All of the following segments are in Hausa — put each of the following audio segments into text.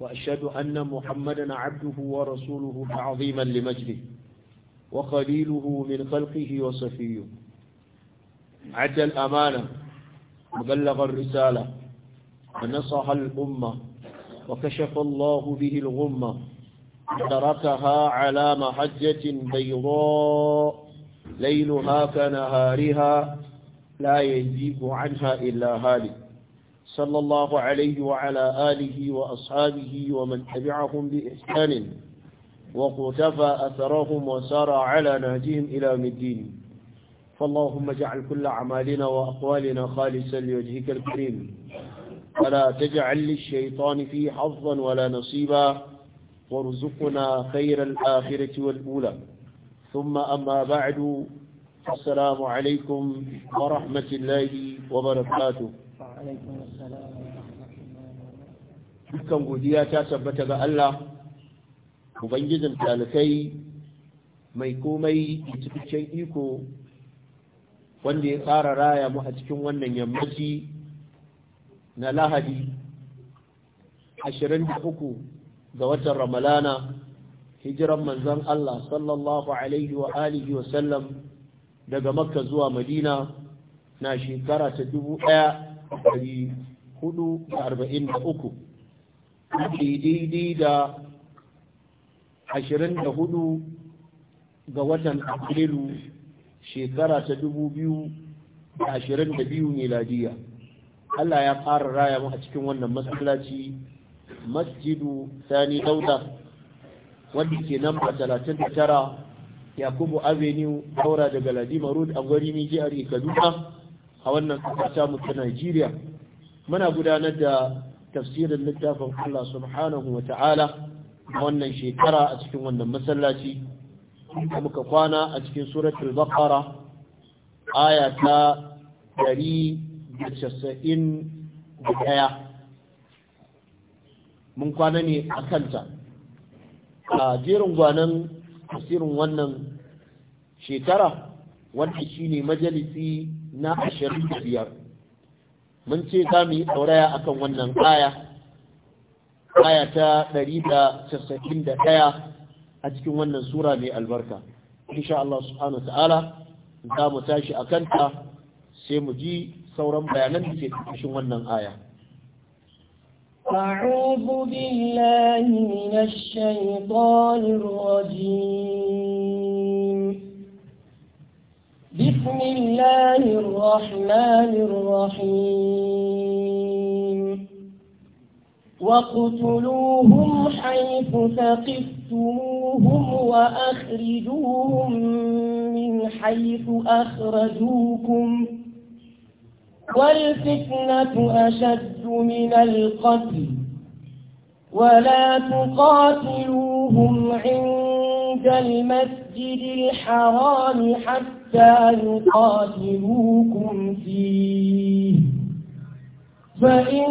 وأشهد أن محمدا عبده ورسوله تعظيما لمجده وخليله من خلقه وصفيه عد الأمانة وبلغ الرسالة ونصح الأمة وكشف الله به الغمة تركها على محجة بيضاء ليلها كنهارها لا يجيب عنها إلا هالك صلى الله عليه وعلى آله وأصحابه ومن تبعهم بإحسان وقتفى أثرهم وسار على نهجهم إلى مدين فاللهم اجعل كل أعمالنا وأقوالنا خالصا لوجهك الكريم فلا تجعل للشيطان فيه حظا ولا نصيبا وارزقنا خير الآخرة والأولى ثم أما بعد السلام عليكم ورحمة الله وبركاته dukkan godiya ta tabbata ga Allah ubangijin talibai mai komai cikin iko wanda ya tsara raya mu a cikin wannan yammaci na lahadi 23 ga watan ramalana hijiran manzon Allah sallallahu alaihi wa alihi wa sallam daga makka zuwa madina na shekara ta dubu ɗaya ɗari hudu da arba'in da uku daidai da ashirin da hudu ga watan afrilu shekara ta dubu biyu da ashirin da biyu miladiya Allah ya fara raya mu a cikin wannan masallaci masjidu sani dauda wanda ke nan ba talatin da tara yakubu avenue daura daga ladima road a gwari jihar kaduna a wannan ƙasa ta mu ta Najeriya muna gudanar da tafsirin littafin Allah subhanahu wa ta'ala a wannan shekara a cikin wannan masallaci a muka kwana a cikin suratul baqara aya ta 191 mun kwana ne a kanta a jerin gwanan tafsirin wannan shekara wanda shine majalisi na ashirin da biyar mun ce za mu yi tsauraya kan wannan aya aya ta ɗari da casa'in da ɗaya a cikin wannan sura mai albarka insha Allah subhanahu ta'ala za mu tashi a kanta sai mu ji sauran bayanan da ke kashin wannan aya أعوذ بالله من الشيطان الرجيم بسم الله الرحمن الرحيم وقتلوهم حيث ثقفتموهم وأخرجوهم من حيث أخرجوكم والفتنة أشد من القتل ولا تقاتلوهم عند خارج المسجد الحرام حتى يقاتلوكم فيه فإن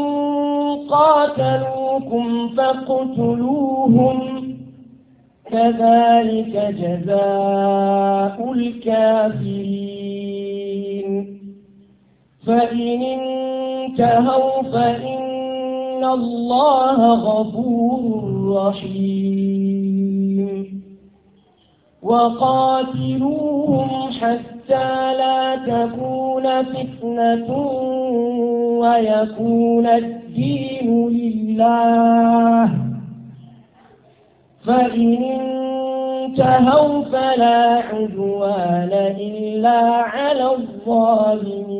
قاتلوكم فاقتلوهم كذلك جزاء الكافرين فإن انتهوا فإن الله غفور رحيم وقاتلوهم حتى لا تكون فتنة ويكون الدين لله فإن انتهوا فلا عدوان إلا على الظالمين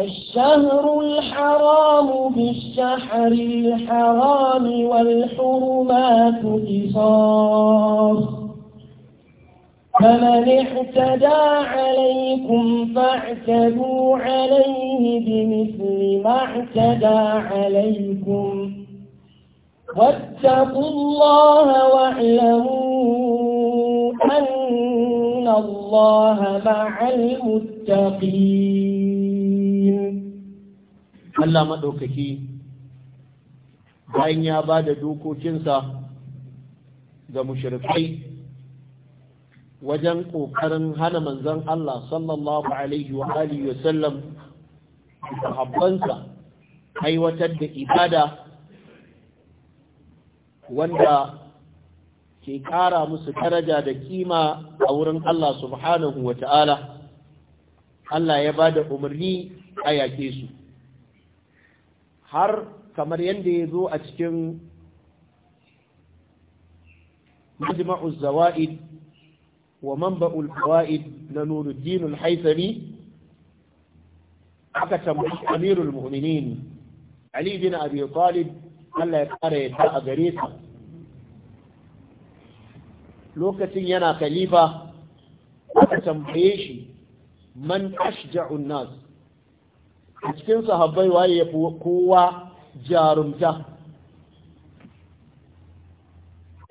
الشهر الحرام بالشحر الحرام والحرمات قصاص فمن اعتدى عليكم فاعتدوا عليه بمثل ما اعتدى عليكم واتقوا الله واعلموا أن الله مع المتقين Allah maɗaukaki bayan ya ba da dokokinsa ga mushirkai wajen ƙoƙarin hana manzon Allah sallallahu alaihi wa alihi aiwatar da ibada wanda ke ƙara musu daraja da kima a wurin Allah subhanahu wa ta'ala Allah ya ba da umarni a yaƙe su har kamar yadda ya zo a cikin majma'u zawa'id wa manba'ul fawaid na Nuruddin al aka tambayi Amirul Mu'minin Ali bin Abi Talib Allah ya kare ta a gare sa lokacin yana khalifa aka tambaye shi man ashja'un nas a cikin sahabbai waye ya kowa jarumta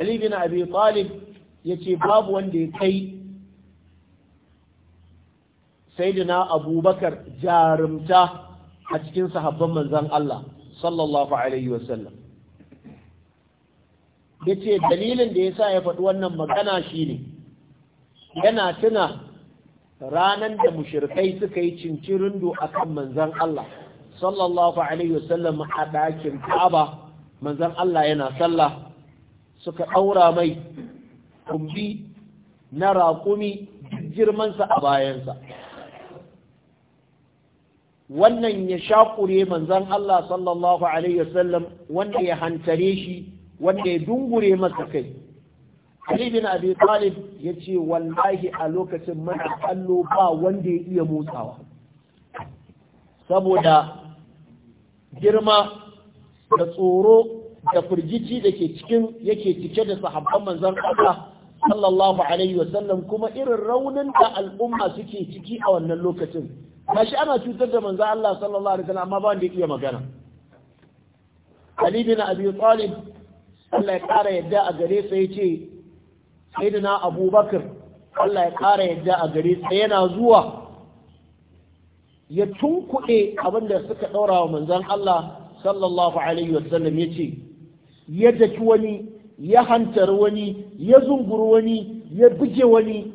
Ali bin Abi Talib yace babu wanda ya kai Sayyidina Abubakar jarumta a cikin sahabban manzon Allah sallallahu alaihi wasallam yace dalilin da yasa ya faɗi wannan magana shine yana tuna ranan da mushirikai suka yi cincirindo akan manzon Allah sallallahu alaihi wasallam a ɗakin Ka'aba Manzan Allah yana sallah suka ɗaura mai kumbi na raƙumi girmansa a bayansa wannan ya shaƙure Manzan Allah sallallahu alaihi wasallam wanda ya hantare shi wanda ya dungure masa kai Ali bin Abi Talib ya ce wallahi a lokacin mana kallo ba wanda ya iya motsawa saboda girma da tsoro da firgici da ke cikin yake cike da sahabban manzon Allah sallallahu alaihi wa sallam, kuma irin raunin da al'umma suke ciki a wannan lokacin gashi ana cutar da manzon Allah sallallahu alaihi wa sallam, amma ba wanda ya iya magana Ali bin Abi Talib Allah ya kara yadda a gare sa yace sayyidina abubakar Allah ya ƙara yadda a gare sa yana zuwa ya tunkuɗe abin da suka ɗaura wa manzan Allah sallallahu alaihi wasallam ya ce ya daki wani ya hantar wani ya zunguru wani ya buge wani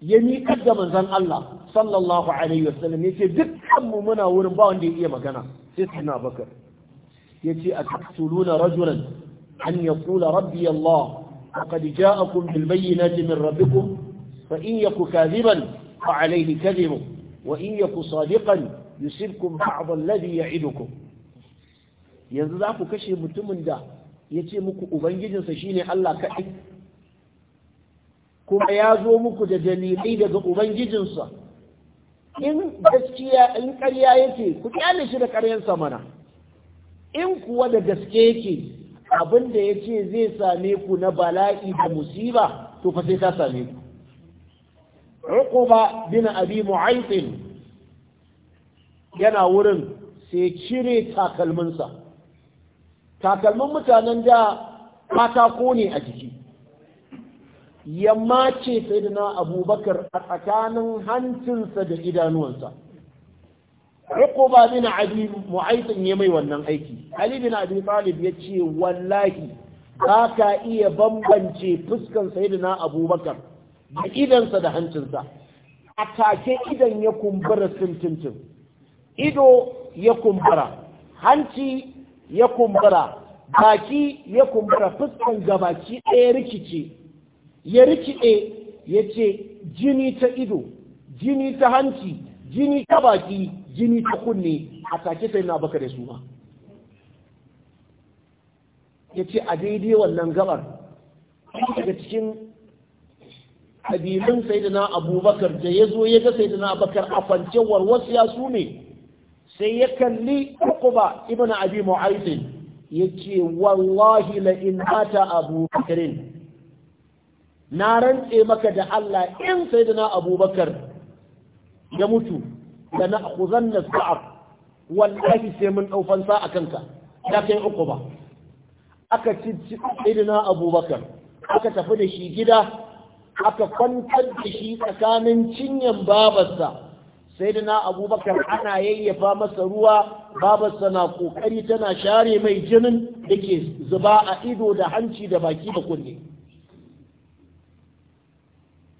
ya miƙar da manzan Allah sallallahu alaihi wasallam ya ce dukkanmu muna wurin ba wanda ya iya magana sai na bakar ya ce a taktuluna rajulan an ya kula rabbi Allah فقد جاءكم بالبينات من ربكم فإن يك كاذبا فعليه كذبه وإن يك صادقا يصيبكم بعض الذي يعدكم yanzu za ku kashe mutumin da ya ce muku ubangijinsa shine Allah kaɗai kuma ya zo muku da dalilai daga ubangijinsa in gaskiya in karya yake ku kyale shi da ƙaryansa mana in kuwa da gaske yake abin da ya ce zai same ku na bala'i da musiba to fa sai ta same ku uquba bin abi mu'aytin yana wurin sai cire takalminsa takalmin mutanen da katako ne a jiki yamma ce sai na abubakar a tsakanin hancinsa da idanuwansa Uquba bin Abi Mu'ayth ne mai wannan aiki Ali bin Abi Talib ce wallahi ba ka iya bambance fuskan sayyidina Abubakar da idansa da hancinsa a take idan ya kumbura sintintin ido ya kumbura hanci ya kumbura baki ya kumbura fuskan gabaki ɗaya rikice ya rikice ya ce jini ta ido jini ta hanci jini ta baki jini ta kunne a take sai na baka da su ba ya ce a daidai wannan gabar daga cikin ƙabilun sai da na abubakar da ya zo ya ga sai da na abubakar a kwancewar wasu ya su ne sai ya kalli ukuba ibn abi mu'aytin yace wallahi la in ata Abubakar? na rantse maka da Allah in sayyidina abubakar ya mutu da na akuzan na sa'ar wallahi sai mun ɗaufan a kanka ya kai uku ba aka ci idina abubakar aka tafi da shi gida aka kwantar da shi tsakanin cinyan babarsa sai da na abubakar ana yayyafa masa ruwa babarsa na kokari tana share mai jinin da ke zuba a ido da hanci da baki da kunne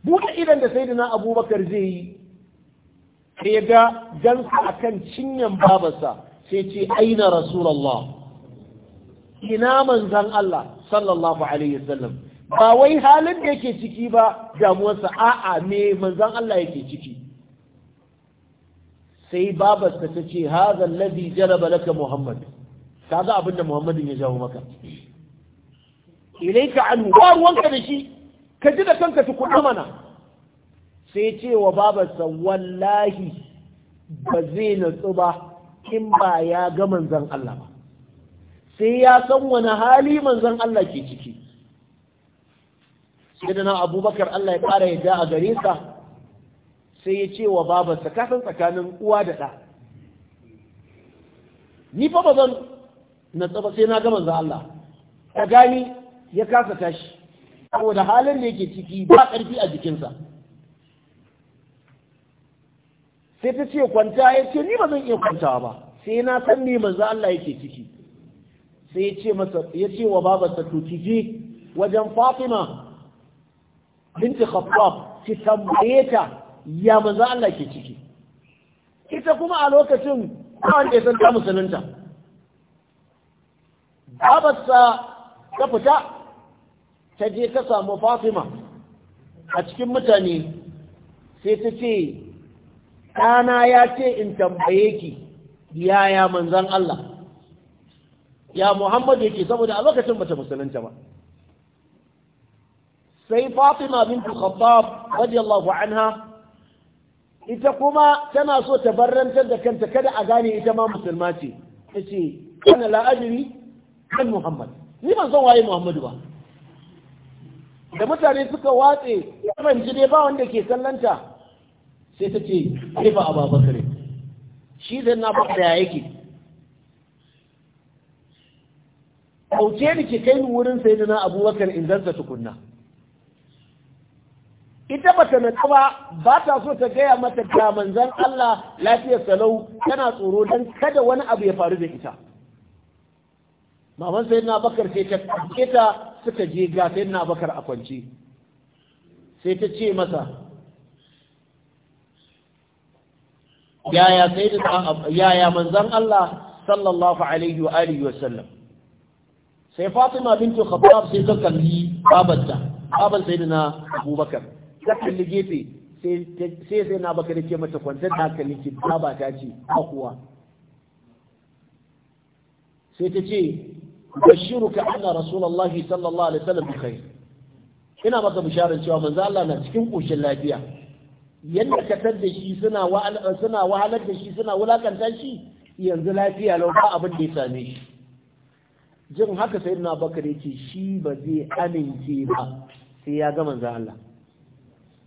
buɗe idan da sai da na abubakar zai yi sai ya ga gansa akan cinyan babarsa sai ce aina rasulallah, ina manzan Allah sallallahu alaihi wasallam ba wai halin da yake ciki ba damuwarsa a'a me manzan Allah yake ciki sai babarsa ta ce haza, alladhi jaraba laka muhammad kaga abin da muhammadin ya jawo maka ilaika anhu ba ruwanka da shi ka ji da kanka tukuna mana sai ce wa babarsa wallahi ba zai natsu ba in ba ya ga manzan Allah ba sai ya san wani hali manzan Allah ke ciki sai da na abubakar Allah ya ƙara yadda a gare sa sai ya ce wa babarsa kasan tsakanin uwa da ɗa ni fa ba zan natsu ba sai na ga manzan Allah ta gani ya kasa tashi saboda halin da yake ciki ba ƙarfi a jikinsa sai ta ce kwanta ya ce ni ba zan iya kwanta ba sai na san ni manzo Allah yake ciki sai ya ce masa ya ce wa babarsa to kije wajen Fatima binti Khattab ki tambaye ta ya manzo Allah ke ciki ita kuma a lokacin ba wanda ya san ta musulunta babarsa ta fita ta je ta samu Fatima a cikin mutane sai ta ce ɗana ya ce in tambaye ki yaya manzan Allah ya Muhammad yake saboda a lokacin bata musulunta ba sai Fatima bintu Khattab radiyallahu anha ita kuma tana so ta barrantar da kanta kada a gane ita ma musulma ce tace kana la ajri kan Muhammad ni ban san waye Muhammadu ba da mutane suka watse ban jide ba wanda ke sallanta. sai ta ce haifa a babakare shi zai na ba ya yake ƙauce da ke kai ni wurin sai na abubakar in tukunna ita ba ta nata ba ba ta so ta gaya mata ga manzan Allah lafiyar salau tana tsoro don kada wani abu ya faru da ita maman sai na sai ta kake ta suka je ga sai na bakar a kwance sai ta ce masa yaya sayyidina yaya manzon Allah sallallahu alaihi wa alihi wa sallam sai Fatima bintu Khattab sai ta kalli babanta baban sayyidina Abubakar ta kalli gefe sai sai na baka dake mata kwantar da hankali ki baba ta ce akuwa sai ta ce bashiruka anna rasulullahi sallallahu alaihi wa sallam bi khair ina maka bisharar cewa manzo Allah na cikin koshin lafiya yadda ka da shi suna wahalar da shi suna wulakanta shi yanzu lafiya lau ba abin da ya same shi jin haka sai na bakar yake shi ba zai amince ba sai ya ga manzo Allah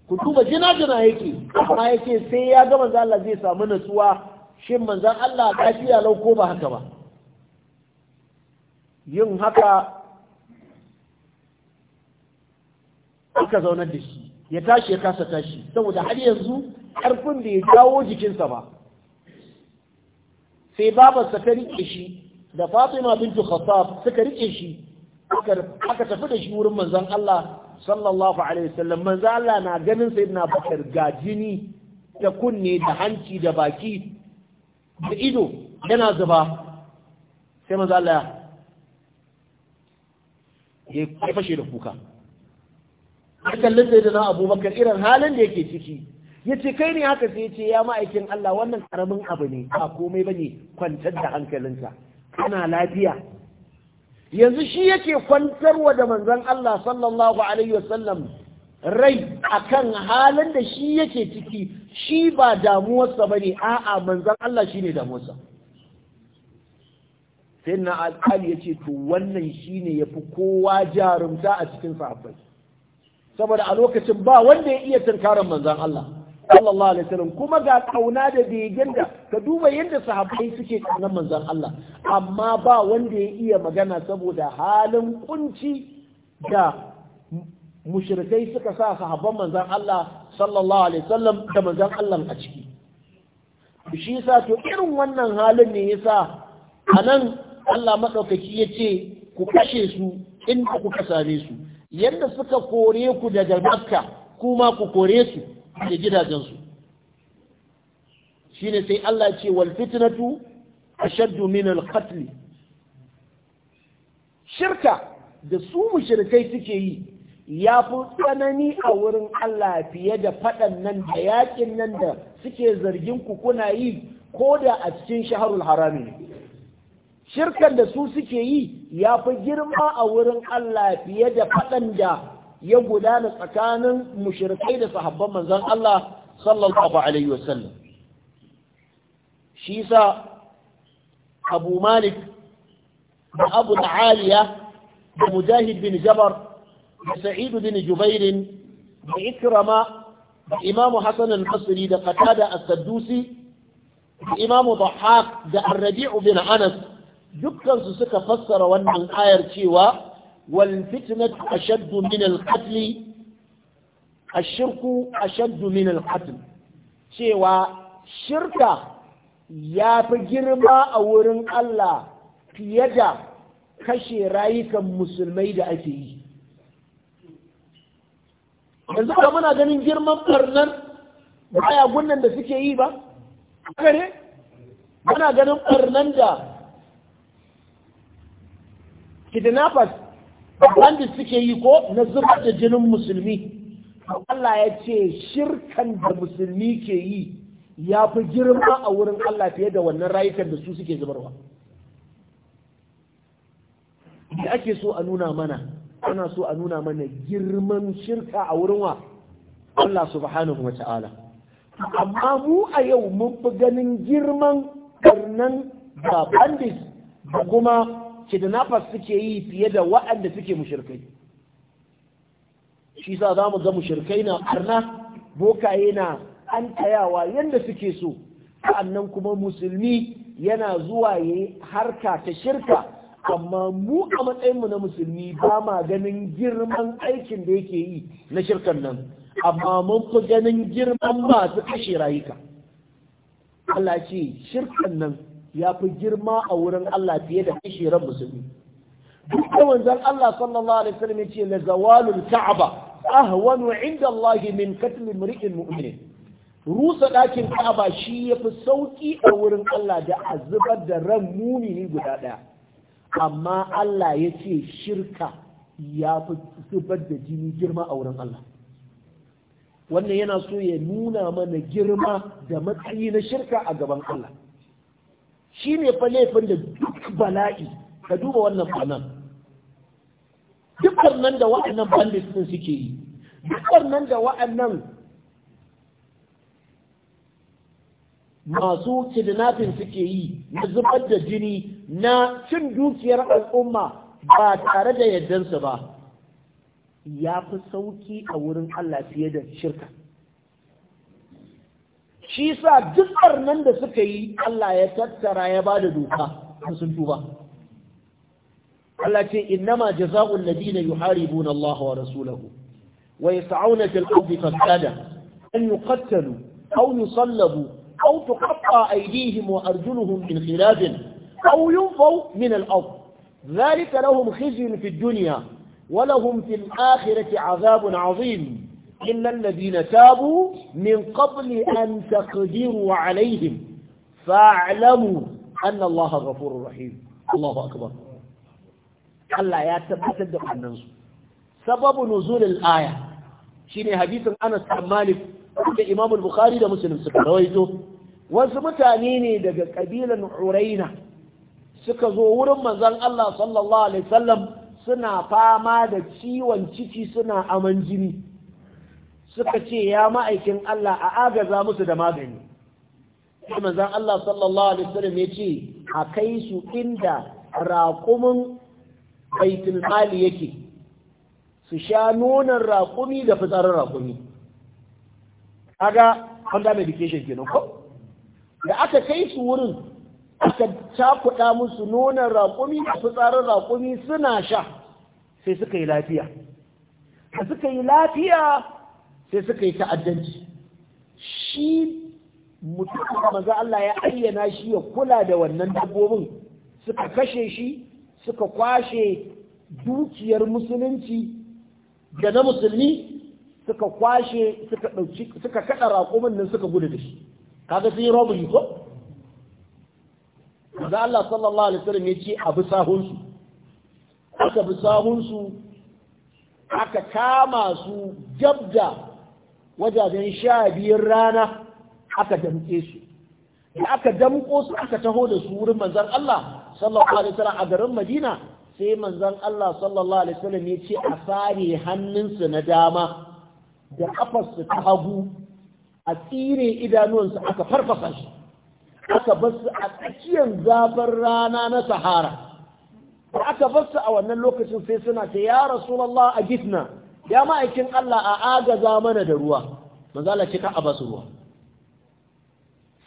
ku duba jina jina yake amma yake sai ya ga manzo Allah zai samu nutsuwa shin manzan Allah lafiya lau ko ba haka ba yin haka aka zaunar da shi ya tashi ya kasa tashi saboda har yanzu ƙarfin da ya dawo jikinsa ba sai babarsa ta riƙe shi da Fatima bintu Khattab suka riƙe shi aka tafi da shi wurin manzon Allah sallallahu alaihi wasallam manzon Allah na ganin sayyidina Bakar ga jini da kunne da hanci da baki da ido yana zuba sai manzon Allah ya fashe da kuka ya da na abubakar irin halin da yake ciki ya ce kai ne haka sai ce ya ma'aikin Allah wannan karamin abu ne ba komai bane kwantar da hankalinsa kana lafiya yanzu shi yake kwantarwa da manzon Allah sallallahu alaihi wasallam rai akan halin da shi yake ciki shi ba damuwarsa ba bane a'a manzon Allah shi ne damuwarsa sai na alƙali ya ce to wannan shi shine yafi kowa jarumta a cikin sahabbai saboda a lokacin ba wanda ya iya tunkarar manzan Allah sallallahu alaihi wasallam kuma ga kauna da bigin da ka duba yadda sahabbai suke kaunar manzan Allah amma ba wanda ya iya magana saboda halin kunci da mushrikai suka sa sahabban manzan Allah sallallahu alaihi wasallam da manzan Allah a ciki shi yasa to irin wannan halin ne yasa anan Allah madaukaki yace ku kashe su in ku ka same su yadda suka kore ku daga makka kuma ku kore su da gidajensu shine sai Allah ce wal fitnatu shaddu min al qatl shirka da su mushrikai suke yi ya fi tsanani a wurin Allah fiye da faɗan nan da yaƙin nan da suke zargin ku kuna yi ko da a cikin shaharul harami shirkar da su suke yi ya fi girma a wurin Allah fiye da faɗan da ya gudana tsakanin mushrikai da sahabban manzan Allah sallallahu alaihi wasallam shi sa abu malik da abu aliya da mujahid bin jabar da sa'idu bin jubairin da ikrama da imamu hassan al-basri da qatada as-saddusi da imamu dhahhak da ar-rabi'u bin anas dukkansu suka fassara wannan ayar cewa wal fitnatu ashaddu min al qatl ashirku ashaddu min al qatl cewa shirka ya fi girma a wurin Allah fiye da kashe rayukan musulmai da ake yi yanzu ba muna ganin girman barnar baya gunnan da suke yi ba muna ganin barnan da kidnappers wanda suke yi ko na zubar da jinin musulmi Allah ya ce shirkan da musulmi ke yi ya fi girma a wurin Allah fiye da wannan rayukan da su suke zubarwa da ake so a nuna mana ana so a nuna mana girman shirka a wurin wa Allah subhanahu wa ta'ala amma mu a yau mun fi ganin girman karnan da bandit da kuma kidnappers suke yi fiye da waɗanda suke mushirkai shi sa za mu ga mushirkai na arna bokaye na an tayawa yadda suke so sa'annan kuma musulmi yana zuwa ya yi harka ta shirka amma mu a matsayinmu na musulmi ba ma ganin girman aikin da yake yi na shirkan nan amma mun fi ganin girman masu kashe rayuka Allah ce shirkan nan ya fi girma a wurin Allah fiye da kishiran musulmi duk da wanzan Allah sallallahu alaihi wasallam ya ce la zawalul ka'aba ahwanu inda Allah min qatl imri'in mu'min rusa ɗakin ka'aba shi yafi sauƙi a wurin Allah da azubar da ran mumini guda ɗaya. amma Allah ya ce shirka ya fi zubar da jini girma a wurin Allah wannan yana so ya nuna mana girma da matsayi na shirka a gaban Allah shi ne fa laifin da duk bala'i ka duba wannan banan dukkan nan da wa'annan bandit din suke yi dukkan nan da wa'annan masu kidnapping suke yi na zubar da jini na cin dukiyar al'umma ba tare da yardansu ba ya fi sauki a wurin Allah fiye da shirka shi sa duk nan da suka yi Allah ya tattara ya bada doka sun tuba Allah ce innama jaza'ul ladina yuharibuna Allah wa rasulahu wa yas'auna fil ardi fasada an yuqtalu aw yusallabu aw tuqatta aydihim wa arjuluhum min khilaf aw yunfaw min al-ard lahum khizyun fid dunya wa lahum fil akhirati 'adhabun عظيم إلا الذين تابوا min قبل an تقدروا عليهم فاعلموا أن الله غفور رحيم الله أكبر Allah ya tabbatar da annansu sababu nuzulil aya shine hadisin Anas bin Malik da Imam al Bukhari da Muslim suka rawaito wasu mutane ne daga kabilan Uraina suka zo wurin manzon Allah sallallahu alaihi wasallam suna fama da ciwon ciki suna aman jini suka ce ya ma'aikin Allah a agaza musu da magani manzan Allah sallallahu alaihi wasallam ya ce a kai su inda raƙumin baitul mali yake su sha nonon raƙumi da fitsarin raƙumi kaga under medication kenan ko da aka kai su wurin aka cakuɗa musu nonan raƙumi da fitsarin raƙumi suna sha sai suka yi lafiya da suka yi lafiya sai suka yi ta'addanci shi mutum manzo Allah ya ayyana shi ya kula da wannan dabbobin suka kashe shi suka kwashe dukiyar musulunci da na musulmi suka kwashe suka dauki suka kada raƙumin nan suka gudu da shi kaga sai robbery ko manzo Allah sallallahu alaihi wasallam ya ce abu sahun su aka bi sahun su aka kama su jabda wajajen sha biyar rana aka damke su da aka damko su aka taho da su wurin manzan Allah sallallahu alaihi wasallam a garin Madina sai manzan Allah sallallahu alaihi wasallam ya ce a sare hannunsu na dama da kafarsu ta hagu a tsire idanuwansu aka farfasa shi aka basu a tsakiyar zafin rana na sahara aka basu a wannan lokacin sai suna ta ya rasulallah a gifna ya ma'aikin Allah a agaza mana da ruwa manzala ce a basu ruwa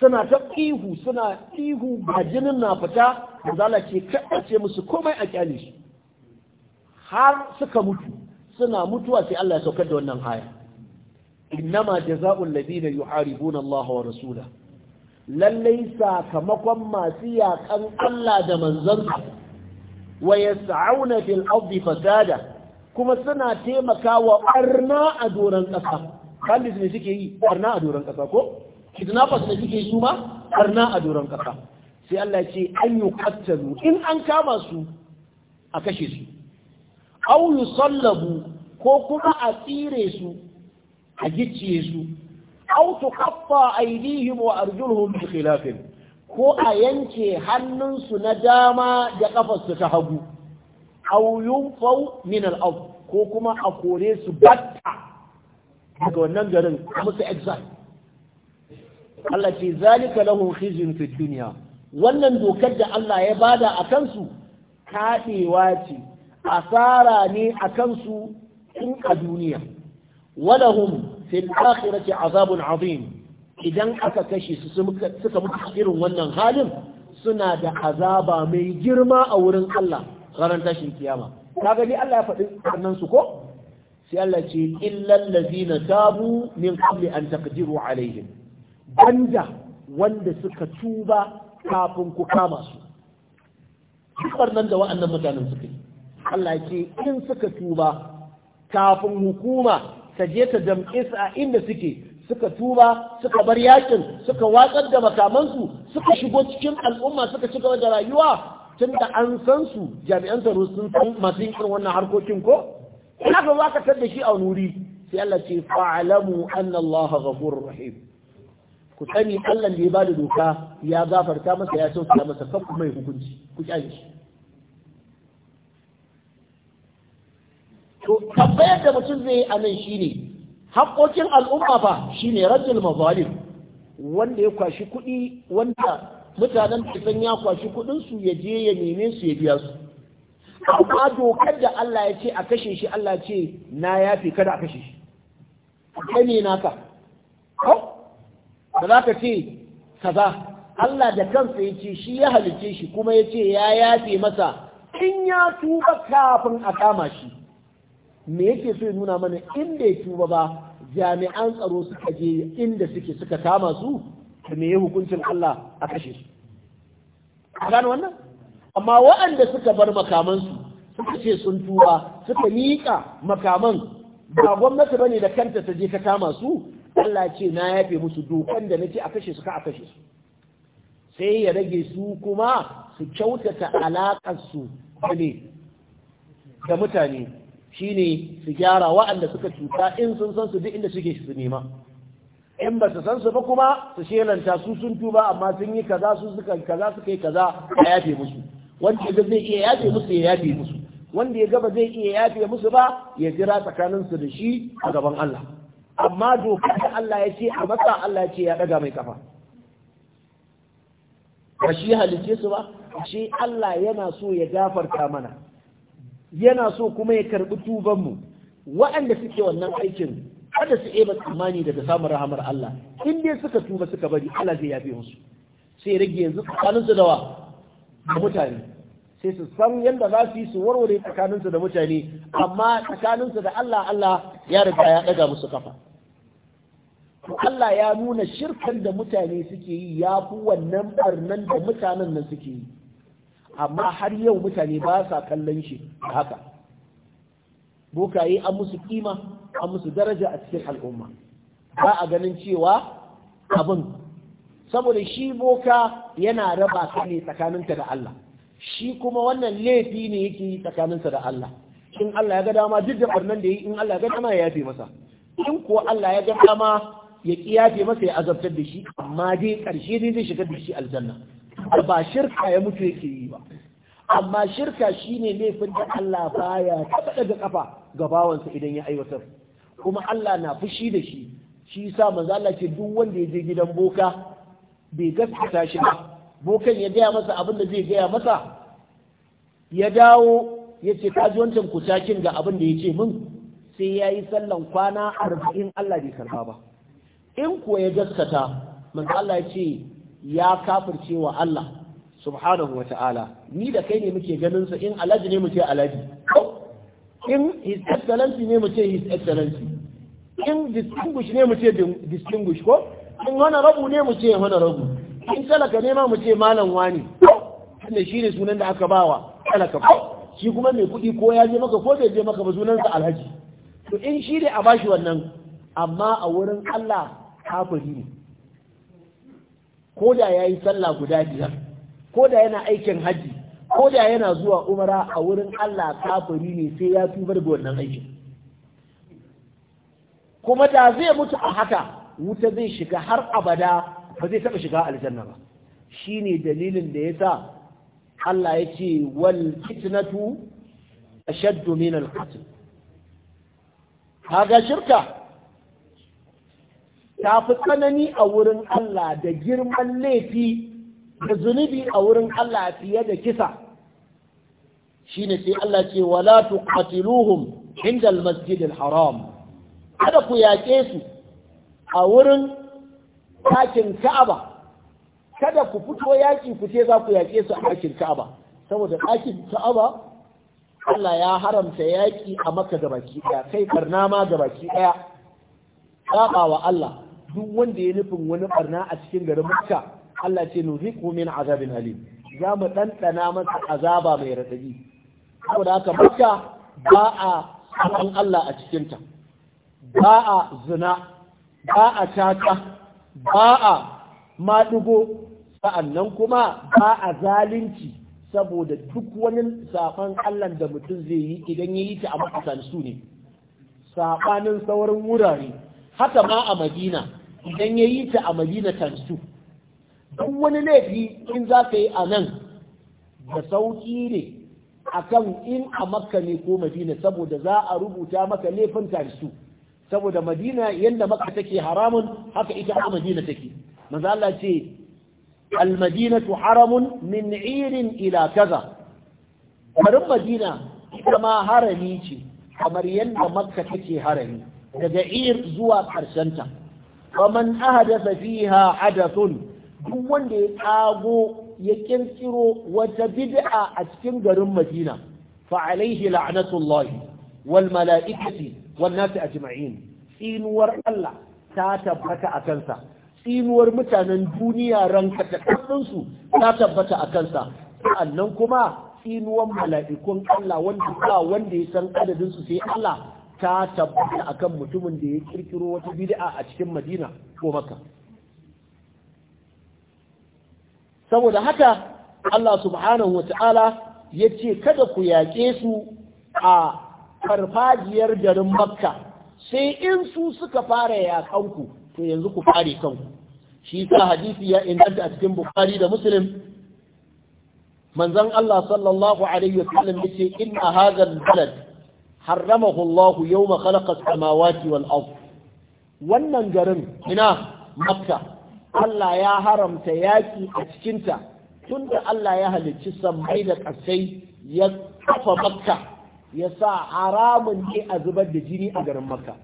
suna ta ihu suna ihu ba jinin na fita manzala ce kaɗa ce musu komai a kyale shi har suka mutu suna mutuwa sai Allah ya saukar da wannan haya innama jazaa'ul ladina yuharibuna Allah wa rasulahu lallai sakamakon masu yakan Allah da manzansa wa yas'auna fil ardi fasada kuma suna taimakawa ɓarna a doron ƙasa Kallis ne suke yi ɓarna a doron ƙasa ko kidnappers ne suke yi su ma ɓarna a doron ƙasa sai Allah ce an yi kattalu in an kama su a kashe su au sallabu, ko kuma a tsire su a gicciye su au yi aydihim wa arjuluhum bi khilafin ko a yanke hannunsu na dama da kafarsu ta hagu aw yunfaw min al-ard ko kuma a kore su batta daga wannan garin musu exile Allah ce zalika lahum khizyun fi dunya wannan dokar da Allah ya bada a kansu kaɗewa ce asara ne a kansu in a duniya walahum fil akhirati azabun azim idan aka kashe su suka mutu irin wannan halin suna da azaba mai girma a wurin Allah ranar tashin kiyama kaga gani Allah ya faɗi annan su ko sai Allah ce illal ladzina tabu min qabli an taqdiru alaihim banda wanda suka tuba kafin ku kama su duk nan da wa'annan mutanen suka yi Allah ce in suka tuba kafin hukuma ta je ta damƙe su a inda suke suka tuba suka bar yakin suka watsar da makamansu suka shigo cikin al'umma suka ci gaba da rayuwa tun da an san su jami'an tsaro sun san masu yin wannan harkokin ko ina ka za ka tar da shi a nuri sai Allah ce fa'alamu anna Allah ghafurur rahim ku sani Allah da ya ba da doka ya gafarta masa ya sauka masa kan hukunci ku kyale shi to tabbayar da mutum zai a nan shine haƙoƙin al'umma fa shine rajul mazalim wanda ya kwashi kuɗi wanda mutanen da san ya kwashi kudin su ya je ya neme su ya biya su amma dokar da Allah ya ce a kashe shi Allah ce na yafe kada a kashe shi kai ne naka ba za ka ce kaza Allah da kansa ya ce shi ya halice shi kuma ya ce ya yafe masa in ya tuba kafin a kama shi me yake so ya nuna mana in bai tuba ba jami'an tsaro suka je inda suke suka kama su ta me hukuncin Allah a kashe su a gano wannan amma waɗanda suka bar makamansu suka ce sun tura suka miƙa makaman ba gwamnati ba ne da kanta ta je ta kama su Allah ce na yafe musu dokan da nace a kashe su ka a kashe su sai ya rage su kuma su kyautata alaƙar su ne da mutane shine su gyara waɗanda suka cuta in sun san su duk inda suke su nema in ba su san su ba kuma su shelanta su sun tuba amma sun yi kaza su suka kaza suka yi kaza a yafe musu wanda ya zai iya yafe musu ya yafe musu wanda ya gaba zai iya yafe musu ba ya jira tsakanin su da shi a gaban Allah amma doka da Allah ya ce a masa Allah ya ce ya daga mai kafa ba shi halice su ba shi Allah yana so ya gafarta mana yana so kuma ya karbi tuban mu waɗanda suke wannan aikin kada su eba tsammani daga samun rahamar Allah in dai suka tuba suka bari Allah zai yafe musu sai rage yanzu tsakaninsu da wa da mutane sai su san yadda za su yi su warware tsakaninsu da mutane amma tsakaninsu da Allah Allah ya riga ya daga musu kafa Allah ya nuna shirkan da mutane suke yi ya fi wannan barnan da mutanen nan suke yi amma har yau mutane ba sa kallon shi haka bokaye an musu kima an musu daraja a cikin al'umma ba a ganin cewa abin saboda shi boka yana raba ka ne tsakaninka da Allah shi kuma wannan laifi ne yake yi tsakaninsa da Allah in Allah ya ga dama duk da barnan da yi in Allah ya ga dama ya yafe masa in kuwa Allah ya ga dama ya kiyafe masa ya azabtar da shi amma dai karshe dai zai shiga da shi aljanna ba shirka ya mutu yake yi ba amma shirka shine laifin da Allah baya taba daga kafa ga bawansa idan ya aiwatar kuma Allah na fushi da shi shi yasa manzo Allah ce duk wanda ya je gidan boka bai gaskata shi ba bokan ya gaya masa abin da zai gaya masa ya dawo ya ce ka ji wancan kucakin ga abin da ya ce min sai ya yi sallan kwana arba'in Allah bai karba ba in kuwa ya gaskata manzo Allah ya ce ya kafirce wa Allah subhanahu wa ta'ala, ni da kai ne muke ganin sa in alaji ne muke alaji in his excellency ne muke his excellency in distinguish ne muke distinguish ko in honorable ne muke honorable in talaka ne ma muke malam wani ne shi ne sunan da aka bawa talaka shi kuma mai kuɗi ko ya je maka ko bai je maka ba sunansa alhaji to in shi ne a bashi wannan amma a wurin Allah kafiri ne ko da ya yi sallah guda biyar ko da yana aikin haji ko da yana zuwa umara a wurin Allah kafiri ne sai ya tuba daga wannan aikin kuma da zai mutu a haka wuta zai shiga har abada ba zai taɓa shiga aljanna ba shine dalilin da yasa Allah ya ce wal fitnatu ashaddu min al qatl kaga shirka ta fi tsanani a wurin Allah da girman laifi da zunubi a wurin Allah fiye da kisa Shi ne sai Allah ce wala tuqatiluhum inda al-masjid haram kada ku yaƙe su a wurin takin Ka'aba kada ku fito yaƙi ku ce za ku yaƙe su a ɗakin Ka'aba saboda ɗakin Ka'aba Allah ya haramta yaƙi a maka da baki ɗaya kai karna ma da baki ɗaya saɓa wa Allah duk wanda ya nufin wani ɓarna a cikin garin Makka Allah ce nuziqu min azabin alim za mu ɗanɗana masa azaba mai raɗaɗi saboda haka makka ba a saban Allah a cikinta ba a zina ba a caca ba a maɗugo sa'annan kuma ba a zalunci saboda duk wani saban Allah da mutum zai yi idan ya yi ta a makasar su ne Safanin sauran wurare haka ma a madina idan ya yi ta a madina tansu duk wani laifi in za ka yi a nan da sauƙi ne akan in a makka ne ko madina saboda za a rubuta maka laifin su saboda madina yadda makka take haramun haka ita a madina take manzo Allah ce al-madinatu haramun min irin ila kaza garin madina ita ma harami ce kamar yadda makka take harami daga ir zuwa karshenta faman ahadatha fiha hadathun duk wanda ya kago ya kirkiro wata bid'a a cikin garin Madina fa alaihi la'natullah wal mala'ikati wan nasi ajma'in tsinuwar Allah ta tabbata a kansa tsinuwar mutanen duniya ranka da su ta tabbata a kansa sannan kuma tsinuwar mala'ikun Allah wanda ba wanda ya san adadin su sai Allah ta tabbata akan mutumin da ya kirkiro wata bid'a a cikin Madina ko Makka saboda haka Allah subhanahu wata'ala ya ce kada ku yaƙe su a farfajiyar garin makka sai in su suka fara yaƙanku to yanzu ku fare kanku shi sa hadisi ya inganta a cikin bukari da muslim manzon Allah sallallahu alaihi wasallam ya ce ina hadha al-balad harramahu Allah yawma khalaqa samawati wal wannan garin ina makka Allah ya haramta yaƙi a cikinta tunda Allah ya halicci sammai da ƙasai ya kafa makka ya sa haramun ne a zubar da jini a garin makka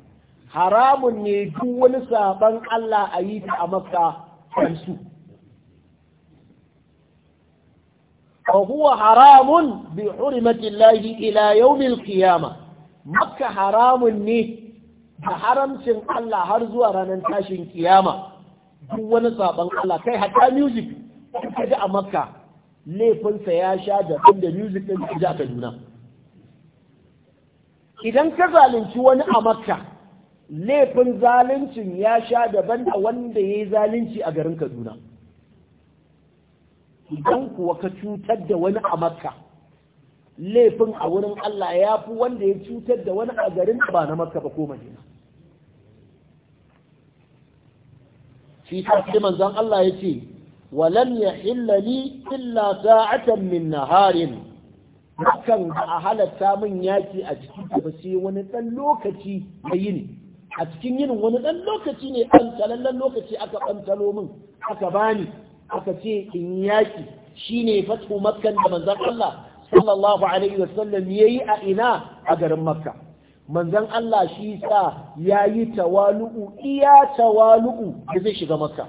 haramun ne duk wani saban Allah a yi a makka kansu وهو حرام بحرمة الله إلى يوم القيامة مكة حرام ني haramcin Allah الله هرزو ranar تاشن قيامة duk wani sabon Allah kai hatta music kai ji a makka laifinsa ya sha da da music ɗin ji a kaduna idan ka zalunci wani a makka laifin zaluncin ya sha daban da wanda ya yi zalunci a garin kaduna idan kuwa ka cutar da wani a makka laifin a wurin Allah ya fi wanda ya cutar da wani a garin ba na makka ba ko madina shi ta sai manzon Allah ya ce walam yahilla li illa sa'atan min naharin hakan ba a halatta min yaki a cikin ba sai wani dan lokaci na yini a cikin yin wani dan lokaci ne dan talallan lokaci aka bantalo min aka bani aka ce in yaki shine fatu makkan da manzon Allah yayi a ina a garin makka manzon Allah shi sa ya yayi tawalu'u iya tawalu'u da zai shiga maka.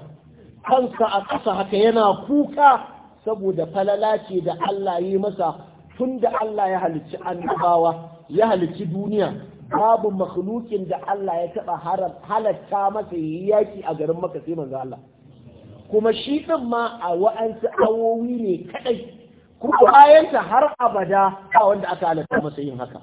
kansa a ƙasa haka yana kuka saboda falala ce da Allah yi masa tun da Allah ya halicci annabawa ya halicci duniya babu makhlukin da Allah ya taɓa halatta masa yi yaki a garin maka sai manzo Allah kuma shi ɗin ma a wa'ansu awowi ne kaɗai kuma bayanta har abada ba wanda aka halatta masa yin haka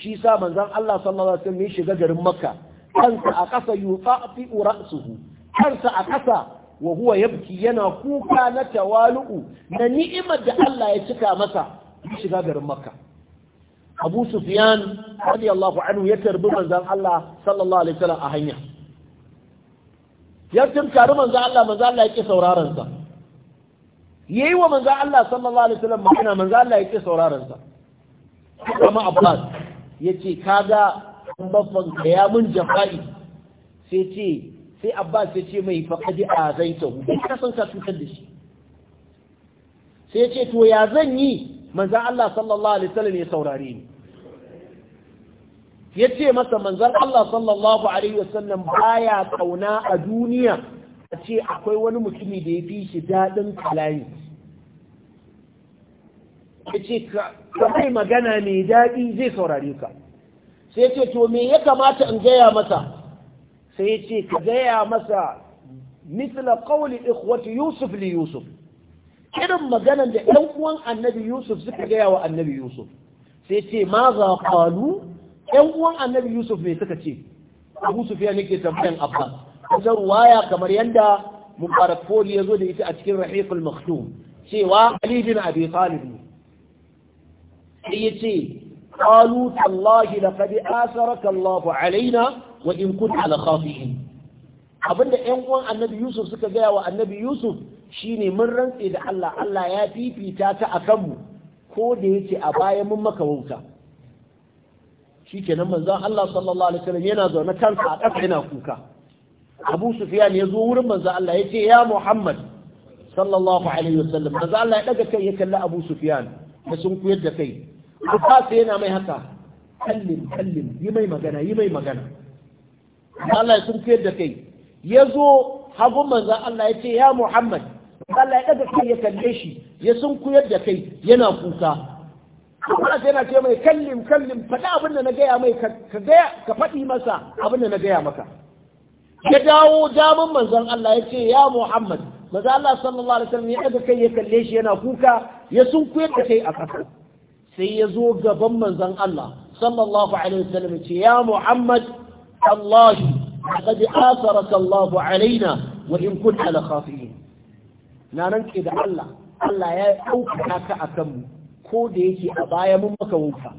shi sa manzon Allah sallallahu alaihi wasallam ya shiga garin Makka kansa a ƙasa yuqati ra'suhu kansa a ƙasa wa huwa yabki yana kuka na tawalu'u na ni'imar da Allah ya cika masa ya shiga garin Makka Abu Sufyan radiyallahu anhu ya tarbi manzan Allah sallallahu alaihi wasallam a hanya ya tunkari manzan Allah manzon Allah ya ki sauraron sa yayi wa manzan Allah sallallahu alaihi wasallam magana manzon Allah ya ki sauraron sa kuma Abbas ya ce kaga an babban ka ya mun jafa'i sai ce sai abbas sai ce mai faɗi a zai ta hudu ka san ka cutar da shi sai ya ce to ya zan yi manzan Allah sallallahu alaihi wasallam ya saurare ni ya ce masa manzan Allah sallallahu alaihi wasallam baya kauna a duniya a ce akwai wani mutumi da ya fi shi daɗin kalayi ya ce magana mai daɗi zai saurare ka sai ce to me ya kamata in gaya masa sai ya ce ka gaya masa misla qawli ikhwati yusuf li yusuf irin maganan da ɗan uwan annabi yusuf suka gaya wa annabi yusuf sai ce ma za qalu ɗan uwan annabi yusuf mai suka ce abu ya yake tambayan abba wajen ruwaya kamar yadda mubarak foli ya zo da ita a cikin rahiqul maktum cewa ali bin abi talib ne sai yace qalu tallahi laqad asaraka Allahu alaina wa in kunta abinda ƴan uwan annabi Yusuf suka gaya wa annabi Yusuf shine mun rantse da Allah Allah ya fifita ta akan mu ko da yace a baya mun maka wauta shikenan manzon Allah sallallahu alaihi wasallam yana zaune kansa a ƙasa yana kuka Abu Sufyan ya zo wurin manzon Allah ya ce ya Muhammad sallallahu alaihi wasallam manzon Allah ya daga kai ya kalli Abu Sufyan da sun kuyar da kai Bukasa yana mai haka kallin kallin yi mai magana yi mai magana Allah ya sun da kai ya zo hagun manzan Allah ya ce ya Muhammad Allah ya daga kai ya kalle shi ya sun kuyar da kai yana kuka Bukasa yana ce mai kallin kallin faɗi abin da na gaya mai ka faɗi masa abin da na gaya maka ya dawo daman manzan Allah ya ce ya Muhammad maza Allah sallallahu alaihi wasallam ya daga kai ya kalle shi yana kuka ya sun kuyar da kai a ƙasa sai ya zo gaban manzon Allah sallallahu alaihi wasallam ce ya Muhammad Allah qad atharaka Allah alaina wa in kunta la khafiin na ranke da Allah Allah ya dauka ka akan mu ko da yake a baya mun maka wuka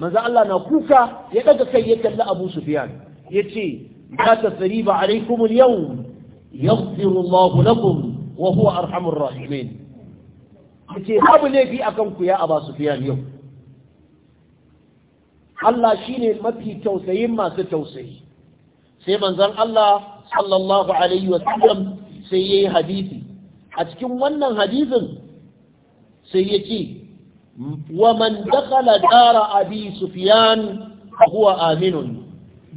manzan Allah na kuka ya daga kai ya kalli Abu Sufyan yace la tasriba alaikum al-yawm yaghfiru Allah lakum wa huwa arhamur rahimin yace babu laifi akan ku ya Aba Sufyan yau Allah shine mafi tausayin masu tausayi sai manzon Allah sallallahu alaihi wasallam sai yi hadisi a cikin wannan hadisin sai ce wa man dakhala dara abi sufyan huwa aminun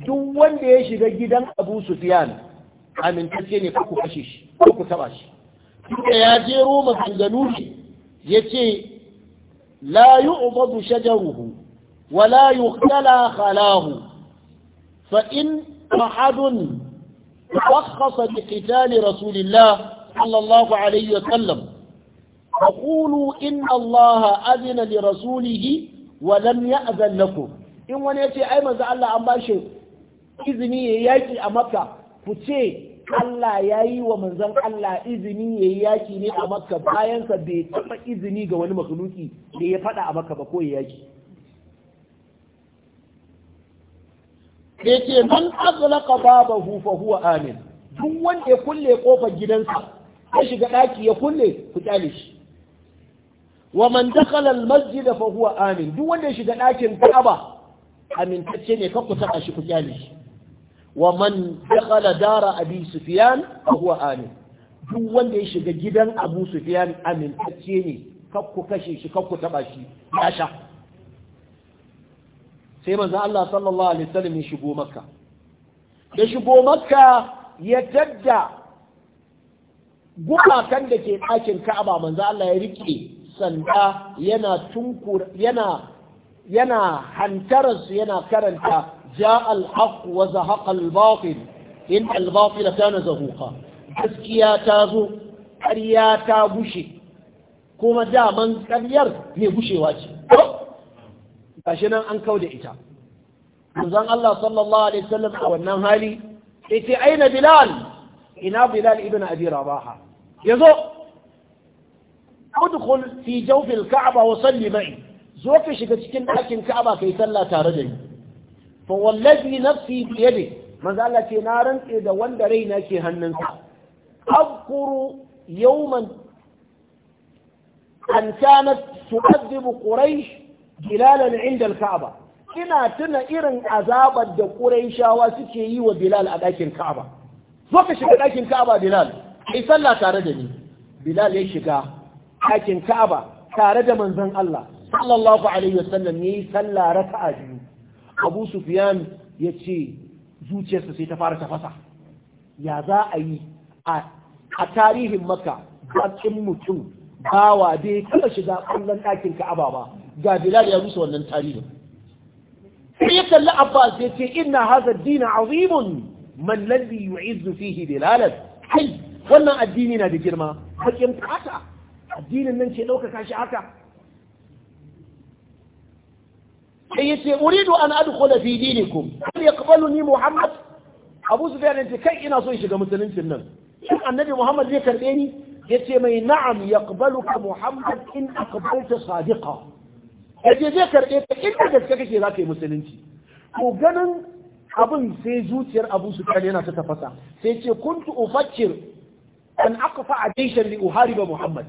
duk wanda ya shiga gidan abu sufyan amintacce ne ku kashe shi ku taba shi da ya je roma ganganu shi yace la yu'badu shajaruhu wa la yuqtala khalahu fa in ahadun takhassa bi qitali rasulillah sallallahu alayhi wa sallam aqulu inna allaha adina li rasulihi wa lam ya'zan lakum in wani ya ce ai manzo Allah an bashi izini ya yaki a maka ku ce Allah ya yi wa manzon Allah izini ya yi yaki ne a makka bayansa bai taɓa izini ga wani makuluki da ya faɗa a makka ba ko ya yaki da ke man azlaka babahu fa huwa amin duk wanda ya kulle kofar gidansa ya shiga ɗaki ya kulle ku shi wa man dakhala al-masjid fa huwa amin duk wanda ya shiga ɗakin Ka'aba amintacce ne ka ku taɓa shi ku shi wa man dakhala dara abi sufyan fa huwa amin duk wanda ya shiga gidan abu sufyan amintacce ne kakku kashe shi kakku taba shi ya sha sai manzo Allah sallallahu alaihi wasallam ya shigo makka ya shigo makka ya tadda gumakan da ke ɗakin ka'aba manzo Allah ya rike sanda yana tunkur yana yana hantararsu yana karanta جاء الحق وزهق الباطل إن الباطل كان زهوقا gaskiya ta zo ƙarya ta bushe kuma daman ƙaryar mai bushewa ce gashi nan an kau ita manzon Allah sallallahu alaihi wasallam a wannan hali yace aina bilal ina bilal ibn abi rabaha yazo udkhul fi jawf al-ka'ba ma'i zo ka shiga cikin ɗakin ka'aba kai sallah tare da ni fa wallazi nafsi bi yadi manzo Allah ce na rantse da wanda raina ke hannunsa أذكر يوما أن كانت تؤذب قريش بلالا عند الكعبة ina tuna irin azabar da Qurayshawa suke yi wa Bilal a ɗakin Ka'aba. Zo ka shiga ɗakin Ka'aba Bilal, kai sallah tare da ni. Bilal ya shiga ɗakin Ka'aba tare da manzon Allah sallallahu alaihi wasallam yayi sallah raka'a biyu. abu sufyan ya ce zuciyarsa sai ta fara tafasa ya za a yi a tarihin maka bakin mutum bawa bai kala shiga ƙwallon ɗakin ka'aba ba ga bilal ya rusa wannan tarihin sai ya kalli abbas ya ce inna haza dina azimun man lalli yu'izzu fihi bilalan kai wannan addini na da girma bakin kata addinin nan ce ɗaukaka shi haka sai yace uridu an adkhula fi dinikum hal ni muhammad abu sufyan yace kai ina so in shiga musuluncin nan shin annabi muhammad zai karbe ni yace mai na'am yaqbaluka muhammad in aqbalta sadiqa yace zai karbe ka in da gaske kake za ka yi musulunci to ganin abin sai zuciyar abu sufyan yana ta tafasa sai ce kuntu ufakkir an aqfa ajayshan li uhariba muhammad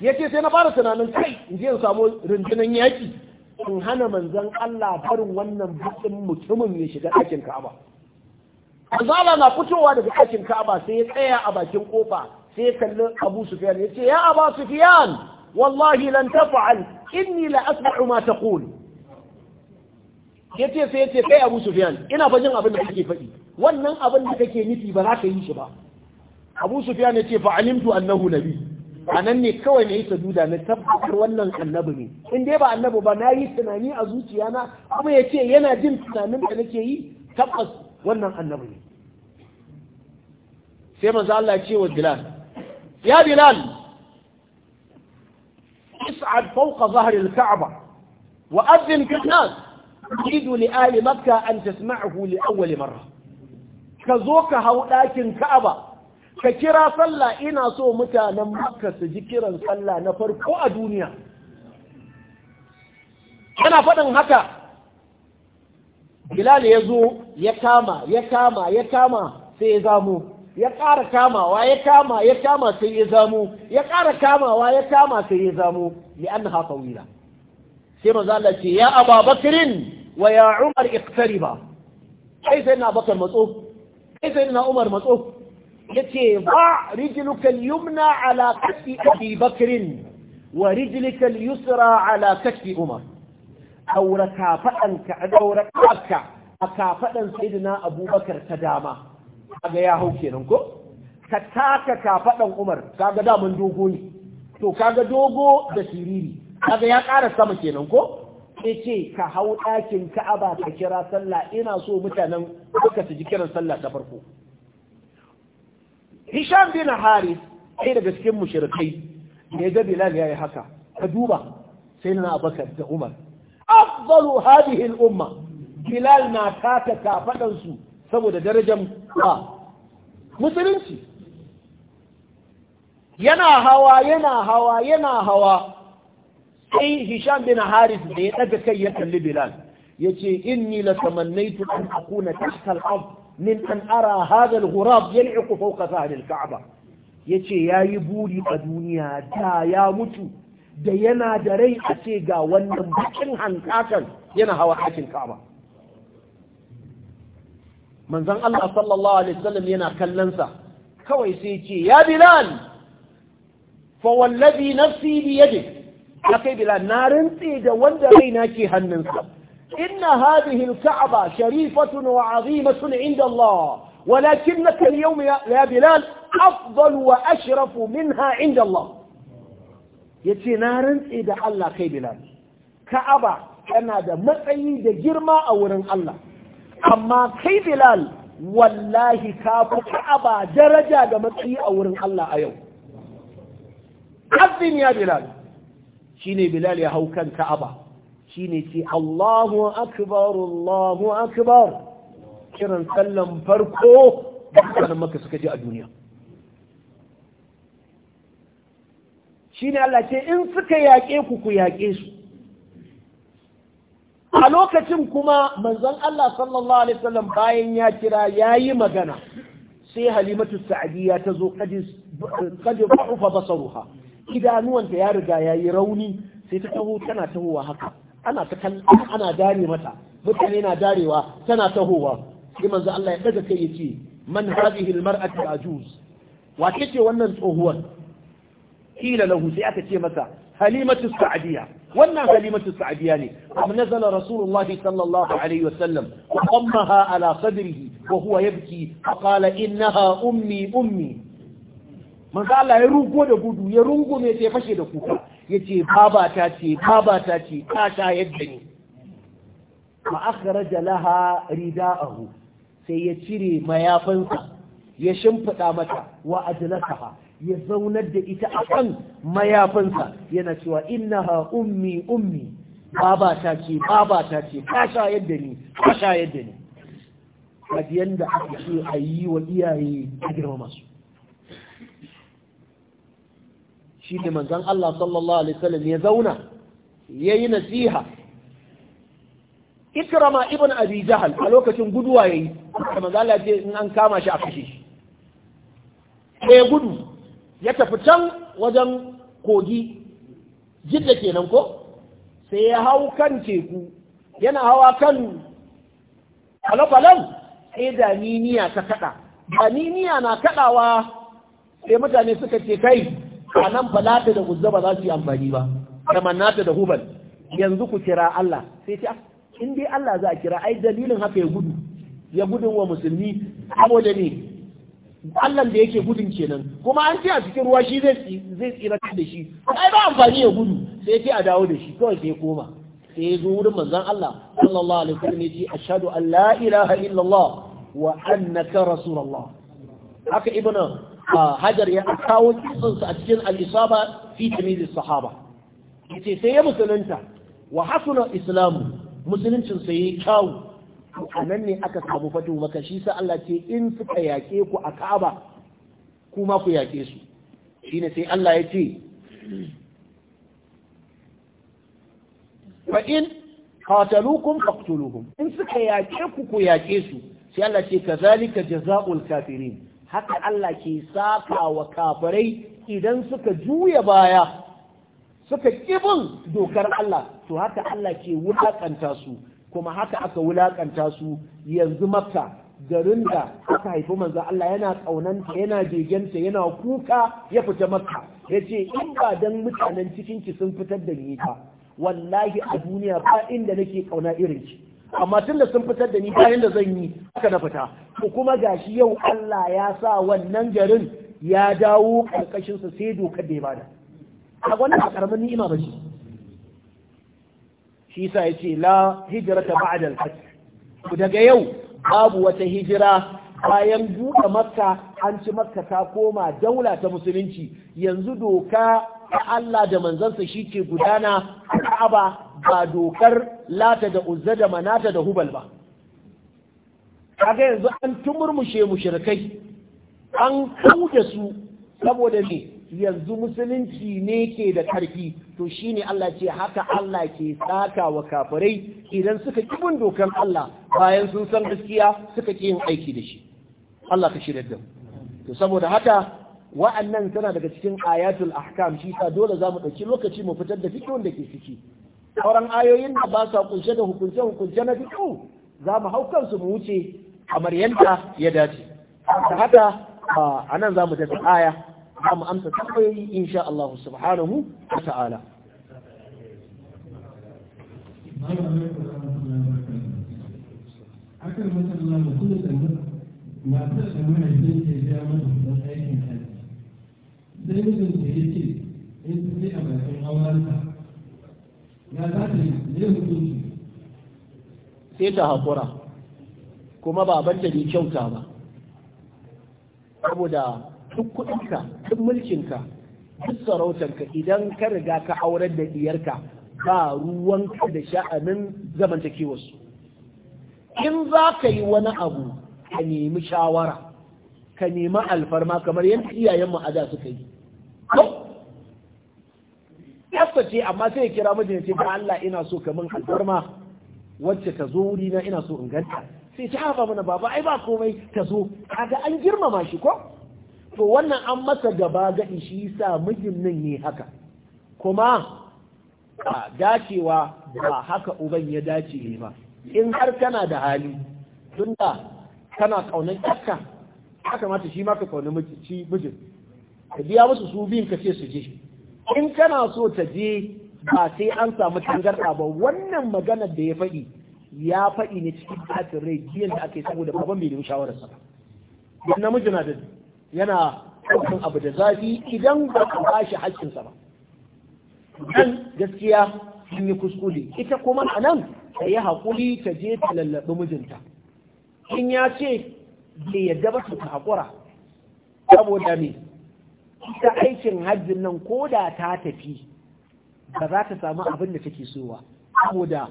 yace sai na fara tunanin kai in je in samu rundunan yaki in hana manzon Allah farin wannan bakin mutumin ya shiga ɗakin Ka'aba Azala na fitowa daga ɗakin Ka'aba sai ya tsaya a bakin kofa sai ya kalli Abu Sufyan ya ce ya Abu Sufyan wallahi lan taf'al inni la asma'u ma taqul yace sai yace kai Abu Sufyan ina fajin abin da kake faɗi wannan abin da kake nufi ba za ka yi shi ba Abu Sufyan ce fa alimtu annahu nabi a nan ne kawai na yi ta duda na tabbatar wannan annabi ne in dai ba annabi ba na yi tunani a zuciya na. kuma ya ce yana jin tunanin da nake yi tabbas wannan annabi ne sai manzo Allah ce wa Bilal ya Bilal is'ad fawqa dhahri al-Ka'ba wa adhin fi an-nas uridu li ahli Makkah an tasma'ahu li awwal marra ka zo ka hau dakin Ka'aba ka kira sallah ina so mutanen makka su ji kiran sallah na farko a duniya ana faɗin haka bilal ya zo ya kama ya kama ya kama sai ya zamo ya ƙara kamawa ya kama ya kama sai ya zamo ya ƙara kamawa ya kama sai ya zamo li an hafa wila sai manzo ce ya Aba Bakrin wa ya Umar ba? kai sai na Bakar matso kai sai na Umar matso yace ba rijluka al-yumna ala kaffi abi bakr wa rijluka yusra ala kaffi umar aura kafadanka aura kafka a kafadan sayyidina abubakar ta dama kaga ya hau kenan ko ka taka kafadan umar kaga daman dogo ne to kaga dogo da siriri kaga ya ƙara sama kenan ko sai ce ka hau ɗakin ka'aba ka kira sallah ina so mutanen suka ji kiran sallah ta farko hisham bin haris ai daga cikin mushrikai da ga bilal yayi haka ka duba sai na abakar da umar afdalu hadhihi al-umma bilal na kaka kafadan su saboda darajar ba musulunci yana hawa yana hawa yana hawa sai hisham bin haris ne ya daga kai ya kalli bilal yace inni la tamannaytu an akuna tahta al-ard min an ara hadha al-ghurab yal'iqu fawqa sahl al yace yayi buri a duniya da ya mutu da yana da rai a ce ga wannan bakin hankakan yana hawa ɗakin ka'aba manzon Allah sallallahu alaihi wasallam yana kallonsa kawai sai ce ya bilal fa wallazi nafsi bi yadik kai bilal na rantse da wanda raina ke hannunsa إن هذه الكعبة شريفة وعظيمة عند الله ولكنك اليوم يا بلال أفضل وأشرف منها عند الله yace na rantse da Allah kai Bilal Ka'aba yana da matsayi da girma a wurin Allah amma kai Bilal wallahi ka Ka'aba daraja da matsayi a wurin Allah a yau Azin ya Bilal shine Bilal ya hau kan Ka'aba shine ce Allahu akbar Allahu akbar kiran sallan farko da maka suka je a duniya shine Allah ce in suka yaƙe ku ku yaƙe su a lokacin kuma manzon Allah sallallahu alaihi wasallam bayan ya kira yayi magana sai halimatu sa'diya ta zo kaji ba'ufa basaruha idanuwanta ya riga yayi rauni sai ta taho tana tahowa haka ana ta ana dare mata mutane na darewa tana tahowa sai manzo Allah ya daga kai yace man hadhihi almar'atu ajuz wace ce wannan tsohuwar kila lahu sai aka ce masa halimatu sa'diya wannan halimatu sa'diya ne amma nazala rasulullahi sallallahu alaihi wasallam wa qammaha ala sadrihi wa huwa yabki fa qala innaha ummi ummi manzo Allah ya rugo da gudu ya rungume sai fashe da kuka yace baba ta ce baba ta ce ta shayar da ni fa akhraja laha rida'ahu sai ya cire mayafansa ya shimfiɗa mata wa ajlasaha ya zaunar da ita a kan mayafansa yana cewa ha ummi ummi baba ta ce baba ta ce ta sha yadda ni ta sha yadda ne. kaji yanda aka ce a yi wa iyaye a girmama su shi ne manzan Allah sallallahu alaihi wasallam ya zauna ya yi nasiha ikrama ibn abi jahal a lokacin guduwa ya yi da ce in an kama shi a kashe shi gudu ya tafi can wajen kogi jidda kenan ko sai ya hau kan teku yana hawa kan kwale-kwalen sai daniniya ta kada daniniya na kadawa sai mutane suka ce kai a nan balata da guzza ba za su yi amfani ba da manata da hubal yanzu ku kira Allah sai ce ah, in dai Allah za a kira ai dalilin haka ya gudu ya gudun wa musulmi saboda ne Allah da yake gudun kenan kuma an ce a cikin ruwa shi zai zai tsira da shi ai ba amfani ya gudu sai ce a dawo da shi kawai sai koma sai ya zo wurin manzon Allah sallallahu alaihi wasallam ya ce ashhadu an la ilaha illallah wa annaka rasulullah haka ibnu hajar ya kawo kisansa a cikin al-isaba fi tamyiz sahaba yace sai ya musulunta wa hasuna islamu musuluncin sa yayi kawo nan ne aka samu fatu maka shi sa Allah ce in suka yaƙe ku a kaba kuma ku yaƙe su shine sai Allah ya ce fa in qataluukum faqtuluhum in suka yaƙe ku ku yaƙe su sai Allah ce kazalika jazaa'ul kafirin haka Allah ke sakawa wa kafirai idan suka juya baya suka kibin dokar Allah to haka Allah ke wulakanta su kuma haka aka wulakanta su yanzu makka garin da aka haifi manzo Allah yana kaunanta yana jegenta yana kuka ya fita makka ce, in ba dan mutanen cikin ki sun fitar da ni ba wallahi a duniya ba inda nake kauna irin ki amma tun da sun fitar da ni bayan da zan yi haka na fita to kuma gashi yau Allah ya sa wannan garin ya dawo karkashin sa sai doka da ya bada a wannan a karamin ni'ima ba shi shi ya yace la hijrata ba'da al-fath daga yau babu wata hijira bayan buɗe makka an ci makka ta koma daula ta musulunci yanzu doka ta Allah da manzansa shi ke gudana Ka'aba ba dokar lata da uzza da manata da hubal ba kaga yanzu an tumurmushe mushrikai an kauda su saboda ne yanzu musulunci ne ke da karfi to shine Allah ce haka Allah ke saka wa kafirai idan suka kibin dokan Allah bayan sun san gaskiya suka ki yin aiki da shi Allah ka shirya da to saboda haka wa'annan tana daga cikin ayatul ahkam shi sa dole za mu dauki lokaci mu fitar da fikihun da ke ciki sauran ayoyin da ba sa kunshe da hukunce-hukunce na fito za mu hau kansu mu wuce kamar yadda ya dace da haka a nan za mu tafi aya za mu amsa tambayoyi insha Allah subhanahu wa ta'ala Zai matsala mutum da matar da mahaifin ke biya mata da yake in su a bakin awarta sai ta haƙura kuma ba banta bai kyauta ba saboda duk kuɗinka duk mulkinka duk sarautarka idan ka riga ka aurar da diyarka ba ruwanka da sha'anin zamantakewarsu in za ka yi wani abu ka nemi shawara ka nemi alfarma kamar yadda iyayenmu a da suka yi matarsa ce amma sai ya kira mijin ce da Allah ina so ka min alfarma wacce ta zo wuri na ina so in ganta sai ta ah, hafa mana baba ai ba komai ta zo kaga an girmama shi ko to wannan an masa gaba gadi shi yasa mijin nan ne haka kuma a dacewa ba haka uban ya dace ne ba in har kana da hali tunda kana kaunar kakka ya kamata shi ma ka kauna mijin ka biya musu su biyun ka ce su je in kana so ta je ba sai an samu tangarɗa ba wannan maganar da ya faɗi ya faɗi ne cikin ɓacin rai biyan da ake yi saboda baban bai nemi sa. ba don namiji na da yana ɗaukan abu da zafi idan ba ka ba shi sa ba dan gaskiya sun yi kuskure ita kuma a nan ta yi haƙuri ta je ta lallaɓi mijinta in ya ce bai yadda ba su ta haƙura saboda me ita aikin hajjin nan ko da ta tafi ba za ta samu abin da take so ba saboda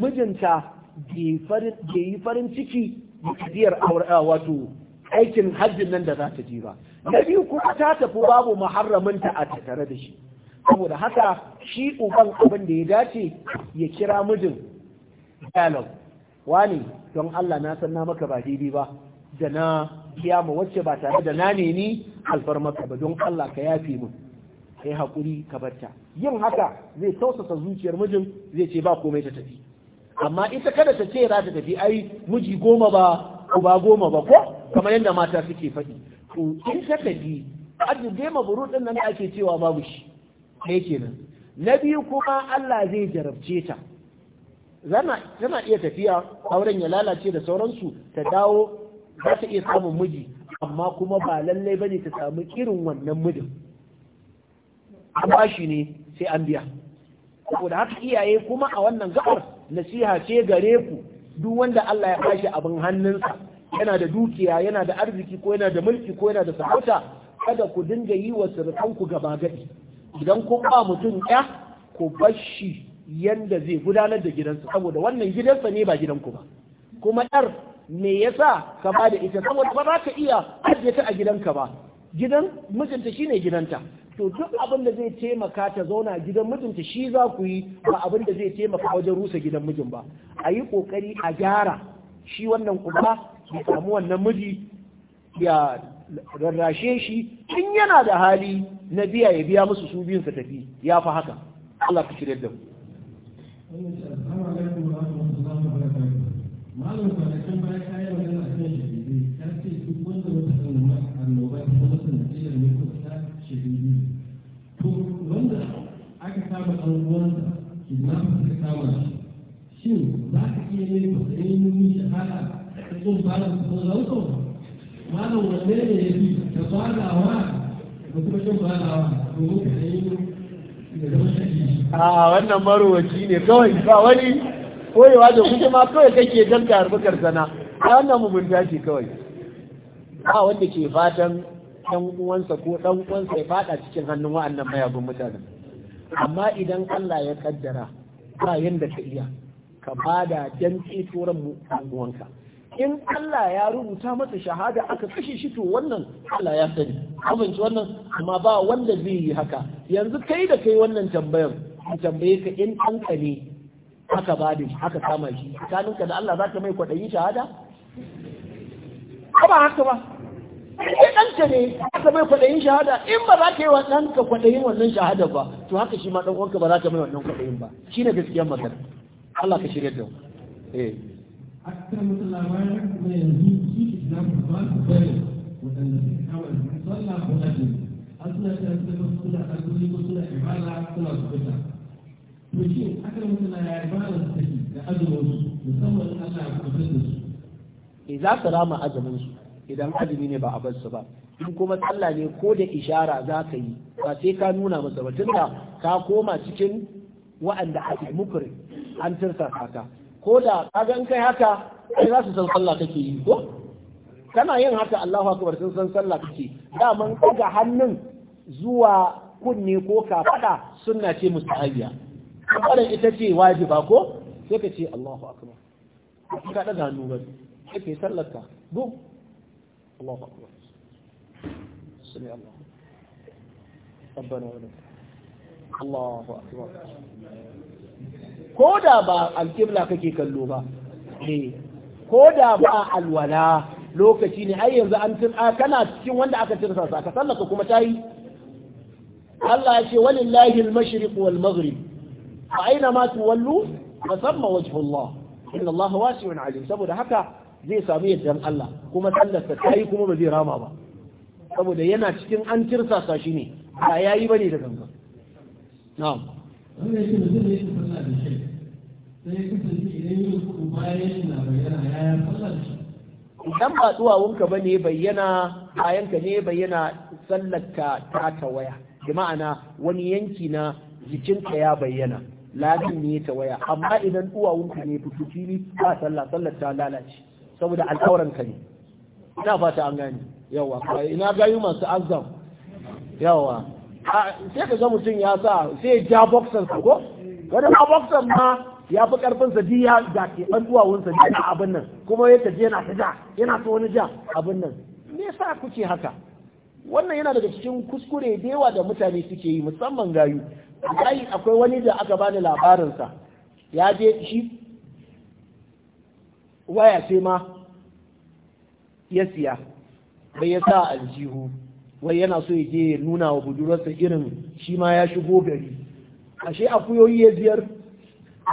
mijinta bai yi farin ciki da tafiyar wato aikin hajjin nan da za ta je ba na biyu kuma ta tafi babu muharraminta a tattare da shi saboda haka shi uban abin da ya dace ya kira mijin dialog wani don Allah na san na maka ba daidai ba da na biya ma wacce ba tare da na ni? alfarmaka ba don Allah ka yafe mu kai hakuri ka barta yin haka zai tausasa zuciyar mijin zai ce ba komai ta tafi amma ita kada ta ce za ta tafi ai miji goma ba uba goma ba ko kamar yadda mata suke faɗi to in ta tafi ajiye maburu din nan ake cewa babu shi kai kenan na biyu kuma Allah zai jarabce ta tana iya tafiya auren ya lalace da sauransu ta dawo za ta iya samun miji amma kuma ba lallai bane ta samu irin wannan mijin an bashi ne sai an biya saboda haka iyaye kuma a wannan gabar nasiha ce gare ku duk wanda Allah ya bashi abin hannunsa yana da dukiya yana da arziki ko yana da mulki ko yana da sarauta kada ku dinga yi wa ku gaba gadi idan kun ba mutum ya ku bashi yanda zai gudanar da gidansa saboda wannan gidansa ne ba gidanku ba kuma ɗar me yasa ka ba da ita saboda ba za ka iya ajiye ta a gidanka ba gidan mijinta shine gidanta to duk abin da zai taimaka ta zauna gidan mijinta shi za ku yi ba abin da zai taimaka wajen rusa gidan mijin ba a yi kokari a gyara shi wannan kuma ya samu wannan miji ya rarrashe shi in yana da hali na biya ya biya musu su biyun su tafi ya fi haka Allah ku shirya da mu malam kwanakin baya ta yi magana a kan shahidai ta ce duk wanda wata annoba annoba ta zama sanadiyar ne ko ta shahidi to wanda aka saba an ruwansa na ta kama shi shin za ka iya yin matsayin shahada ta kin fara kuma zauko malam wanne ne ya fi da farawa da kuma kin farawa domin ka yi da zama shahidi a wannan marowaci ne kawai ba wani koyewa da kuke ma kawai kake don ka harbi karsana a wannan mugunta ce kawai ba wanda ke fatan ɗan uwansa ko ɗan uwansa ya fada cikin hannun wa'annan mayagun mutanen amma idan Allah ya kaddara ba yanda ka iya ka bada dan tsoron mu uwanka in Allah ya rubuta masa shahada aka kashe shi to wannan Allah ya sani amince wannan amma ba wanda zai yi haka yanzu kai da kai wannan tambayar in tambaye ka in ɗanka ne aka ba da shi aka kama shi tsakaninka da Allah za ka mai kwaɗayi shahada? ba haka ba ɗan ɗanka ne za ka mai kwaɗayin shahada in ba za ka yi wa ɗanka kwaɗayin wannan shahada ba to haka shi ma ɗan'uwanka ba za ka mai wannan kwaɗayin ba shi ne gaskiyar magana Allah ka shirya da eh an suna to shi aka ya fara da azumin su musamman Allah ya su e za rama azumin su idan azumi ne ba a bar su ba in kuma sallah ne ko da ishara za ka yi ba sai ka nuna masa ba tunda ka koma cikin wa'anda ake mukri an tirsa haka ko da kagan gan kai haka ai za su san sallah kake yi ko kana yin haka Allahu akbar sun san sallah kake daman kaga hannun zuwa kunne ko kafada sunna ce mustahabiya kafarar ita ce wajiba ko sai ka ce Allahu akbar ka da hannu ba sai ka yi sallarka bum Allahu akbar sami Allah rabbana wa lak Allahu akbar ko da ba alkibla kake kallo ba eh ko da ba alwala lokaci ne ai yanzu an tun kana cikin wanda aka tirsa sa ka sallaka kuma tayi Allah ya ce walillahi al-mashriq wal maghrib فأينما تولوا فثم وجه الله إن الله واسع عليم saboda haka zai samu yaddan Allah kuma sallarsa ta yi kuma ba zai rama ba saboda yana cikin an tirsasa shi ne ba ya yi bane da idan ba duwawunka ba ne bayyana bayanka ne bayyana sallarka ta tawaya bi ma'ana wani yanki na jikinka ya bayyana labin ne ta waya amma idan duwawunku ne fito fili ba sallah sallar ta lalace saboda ka ne ina fata an gani yawa ina gayu masu azam yawa sai ka ga mutum ya sa sai ja boxer sa ko wani ma boxer ma ya fi karfin sa diya da ke ban duwawun sa diya abin nan kuma ya taje yana ta ja yana ta wani ja abin nan me yasa kuke haka wannan yana daga cikin kuskure da yawa da mutane suke yi musamman gayu ai akwai wani da aka ba bani labarinsa ya je shi waya ce ma ya siya bai ya sa aljihu wai yana so ya je ya nuna wa budurarsa irin shi ma ya shigo gari ashe akuyoyi ya ziyar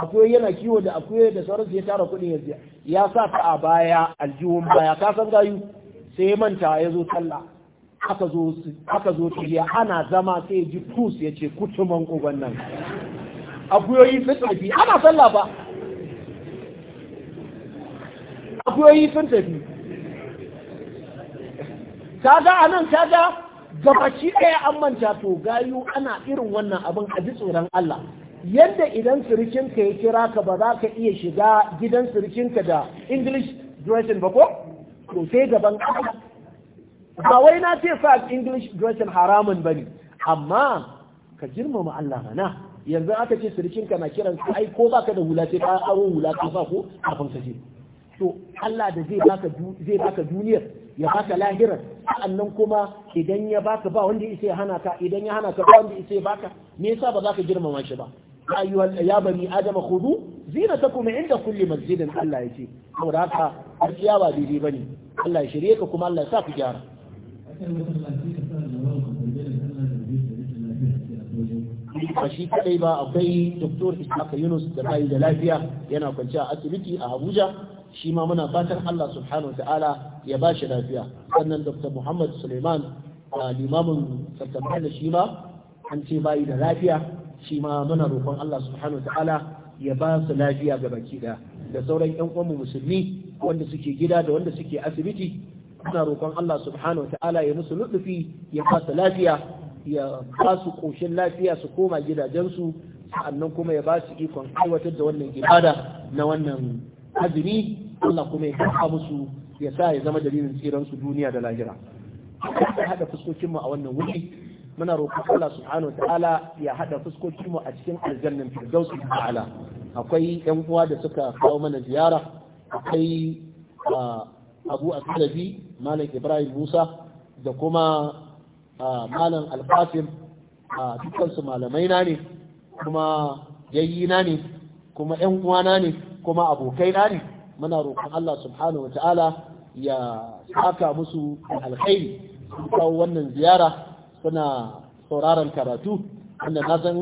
akuyoyi yana kiwo da akuyoyi da sauransu ya tara kuɗin ya ziyar ya sa ta a baya aljihun baya ka san gayu sai ya manta ya zo sallah aka zo su zo ana zama sai ji tus ya ce kutuman uban nan akuyoyi sun tafi ana sallah ba akuyoyi sun tafi kaga anan kaga gabaci ɗaya an manta to gayu ana irin wannan abin a ji tsoron Allah yadda idan sirikinka ya kira ka ba za ka iya shiga gidan sirikinka da English dressing ba ko? To sai gaban Allah ba wai na ce sa English dressing haramun bane amma ka girmama Allah mana yanzu aka ce sirkin ka na kiran ka ai ko baka da hula sai ka aro hula ka ba ko kafin ka je to Allah da zai baka zai baka duniyar ya baka lahirar sa'annan kuma idan ya baka ba wanda ya hana ka idan ya hana ka ba wanda ya baka me yasa ba za ka girmama shi ba ayyuha ya bani adama khudu zinatakum inda kulli masjidin Allah yace saboda haka gaskiya ba daidai bane Allah ya shirye ka kuma Allah ya sa ku gyara ba shi kadai ba akwai doktor Isaka Yunus da bai da lafiya yana a asibiti a Abuja shi ma muna fatan Allah subhanahu ta'ala ya ba shi lafiya sannan Dr. Muhammad Suleiman limamin sattambar da shi ma an ce bayi da lafiya shi ma muna roƙon Allah subhanahu ta'ala ya ba su lafiya ga baki da sauran 'yan uwanmu musulmi wanda suke gida da wanda suke asibiti suna roƙon Allah subhanahu wa ta'ala ya musu lutsufi ya fasa lafiya ya ba su ƙoshin lafiya su koma gidajensu sannan kuma ya ba su ikon aiwatar da wannan ibada na wannan azumi Allah kuma ya kafa musu ya sa ya zama dalilin tsiransu duniya da lahira ya haɗa fuskokinmu a wannan wuri muna roƙon Allah subhanahu wa ta'ala ya haɗa fuskokinmu a cikin aljannan firdausi ta'ala akwai yan uwa da suka kawo mana ziyara akwai ah, abu a salafi malam ibrahim musa da kuma malam alkafir a dukansu malamai na ne kuma yayi na ne kuma yan uwana ne kuma abokai na ne muna roƙon Allah subhanahu wa ta'ala ya saka musu alkhairi sun kawo wannan ziyara suna sauraron karatu wanda na san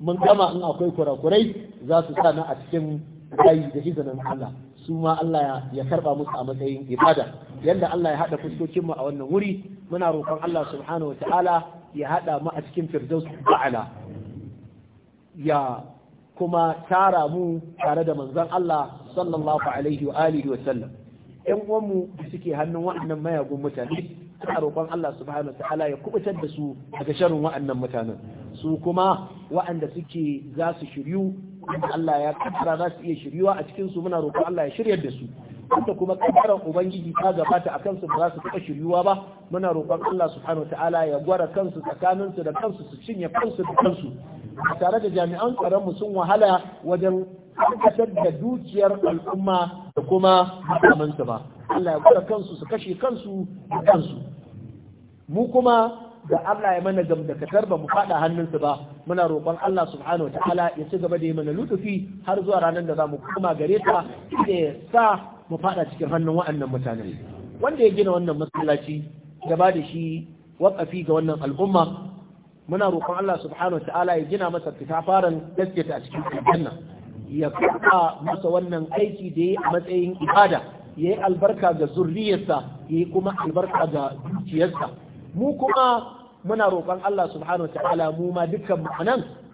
mun gama in akwai kurakurai za su sa na a cikin rayu da izinin Allah su ma Allah ya karba musu a matsayin ibada yadda Allah ya haɗa fuskokin mu a wannan wuri muna roƙon Allah subhanahu wataala ya haɗa mu a cikin firdaus ba'ala ya kuma tara mu tare da manzon Allah sallallahu alaihi wa alihi wa sallam ƴan uwan mu suke hannun waɗannan mayagun mutane ana roƙon Allah subhanahu wataala ya kubutar da su daga sharrin waɗannan mutanen su kuma waɗanda suke za su shiryu wanda Allah ya kaddara za su iya shiryuwa a cikin su muna roƙon Allah ya shiryar da su wanda kuma kaddaran ubangiji ta gabata a kansu ba za su taɓa shiryuwa ba muna roƙon Allah subhanahu ta'ala ya gwara kansu tsakaninsu da kansu su cinye kansu da kansu tare da jami'an tsaron mu sun wahala wajen tabbatar da dukiyar al'umma da kuma makamansu ba Allah ya gwara kansu su kashe kansu da kansu mu kuma da Allah ya mana gamdakatar ba mu faɗa hannunsu ba muna roƙon Allah subhanahu ta'ala ya ci gaba da yi mana lutufi har zuwa ranar da za mu koma gare ta da ya sa mu fada cikin hannun wa'annan mutanen wanda ya gina wannan masallaci gaba da shi waƙafi ga wannan al'umma muna roƙon Allah subhanahu ta'ala ya gina masa fitafaran ta a cikin aljanna ya kuma masa wannan aiki da ya yi a matsayin ibada ya yi albarka ga zurriyarsa ya yi kuma albarka ga zuciyarsa mu kuma muna roƙon Allah subhanahu ta'ala mu ma dukkan mu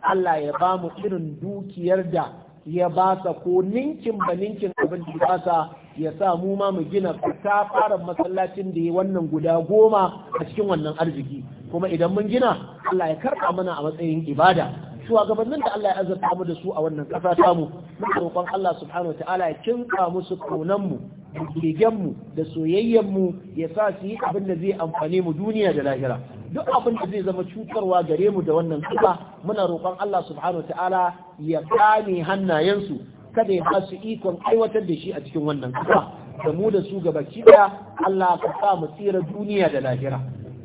Allah ya ba mu irin dukiyar da ya ba sa ko ninkin ba ninkin abin da ba sa ya sa mu ma mu gina ta fara masallacin da ya wannan guda goma a cikin wannan arziki kuma idan mun gina Allah ya karɓa mana a matsayin ibada shugabannin da Allah ya azurta mu da su a wannan ƙasa mu, muna roƙon Allah subhanahu ta'ala ya kinka musu kaunan mu mu da soyayyen mu ya sa su yi abin da zai amfane mu duniya da lahira duk abin da zai zama cutarwa gare mu da wannan ƙasa muna roƙon Allah subhanahu ta'ala ya kame hannayensu kada ya ba su ikon aiwatar da shi a cikin wannan ƙasa da mu da su gabaki daya Allah ka sa mu tsira duniya da lahira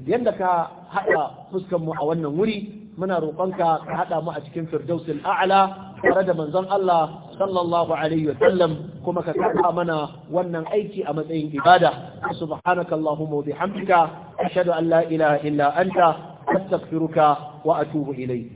yadda ka haɗa fuskanmu a wannan wuri muna roƙonka ka haɗa mu a cikin firdausil a'la tare da manzon Allah sallallahu alaihi wasallam kuma ka karɓa mana wannan aiki a matsayin ibada subhanaka allahumma wa bihamdika ashhadu an la ilaha illa anta astaghfiruka wa atubu ilayk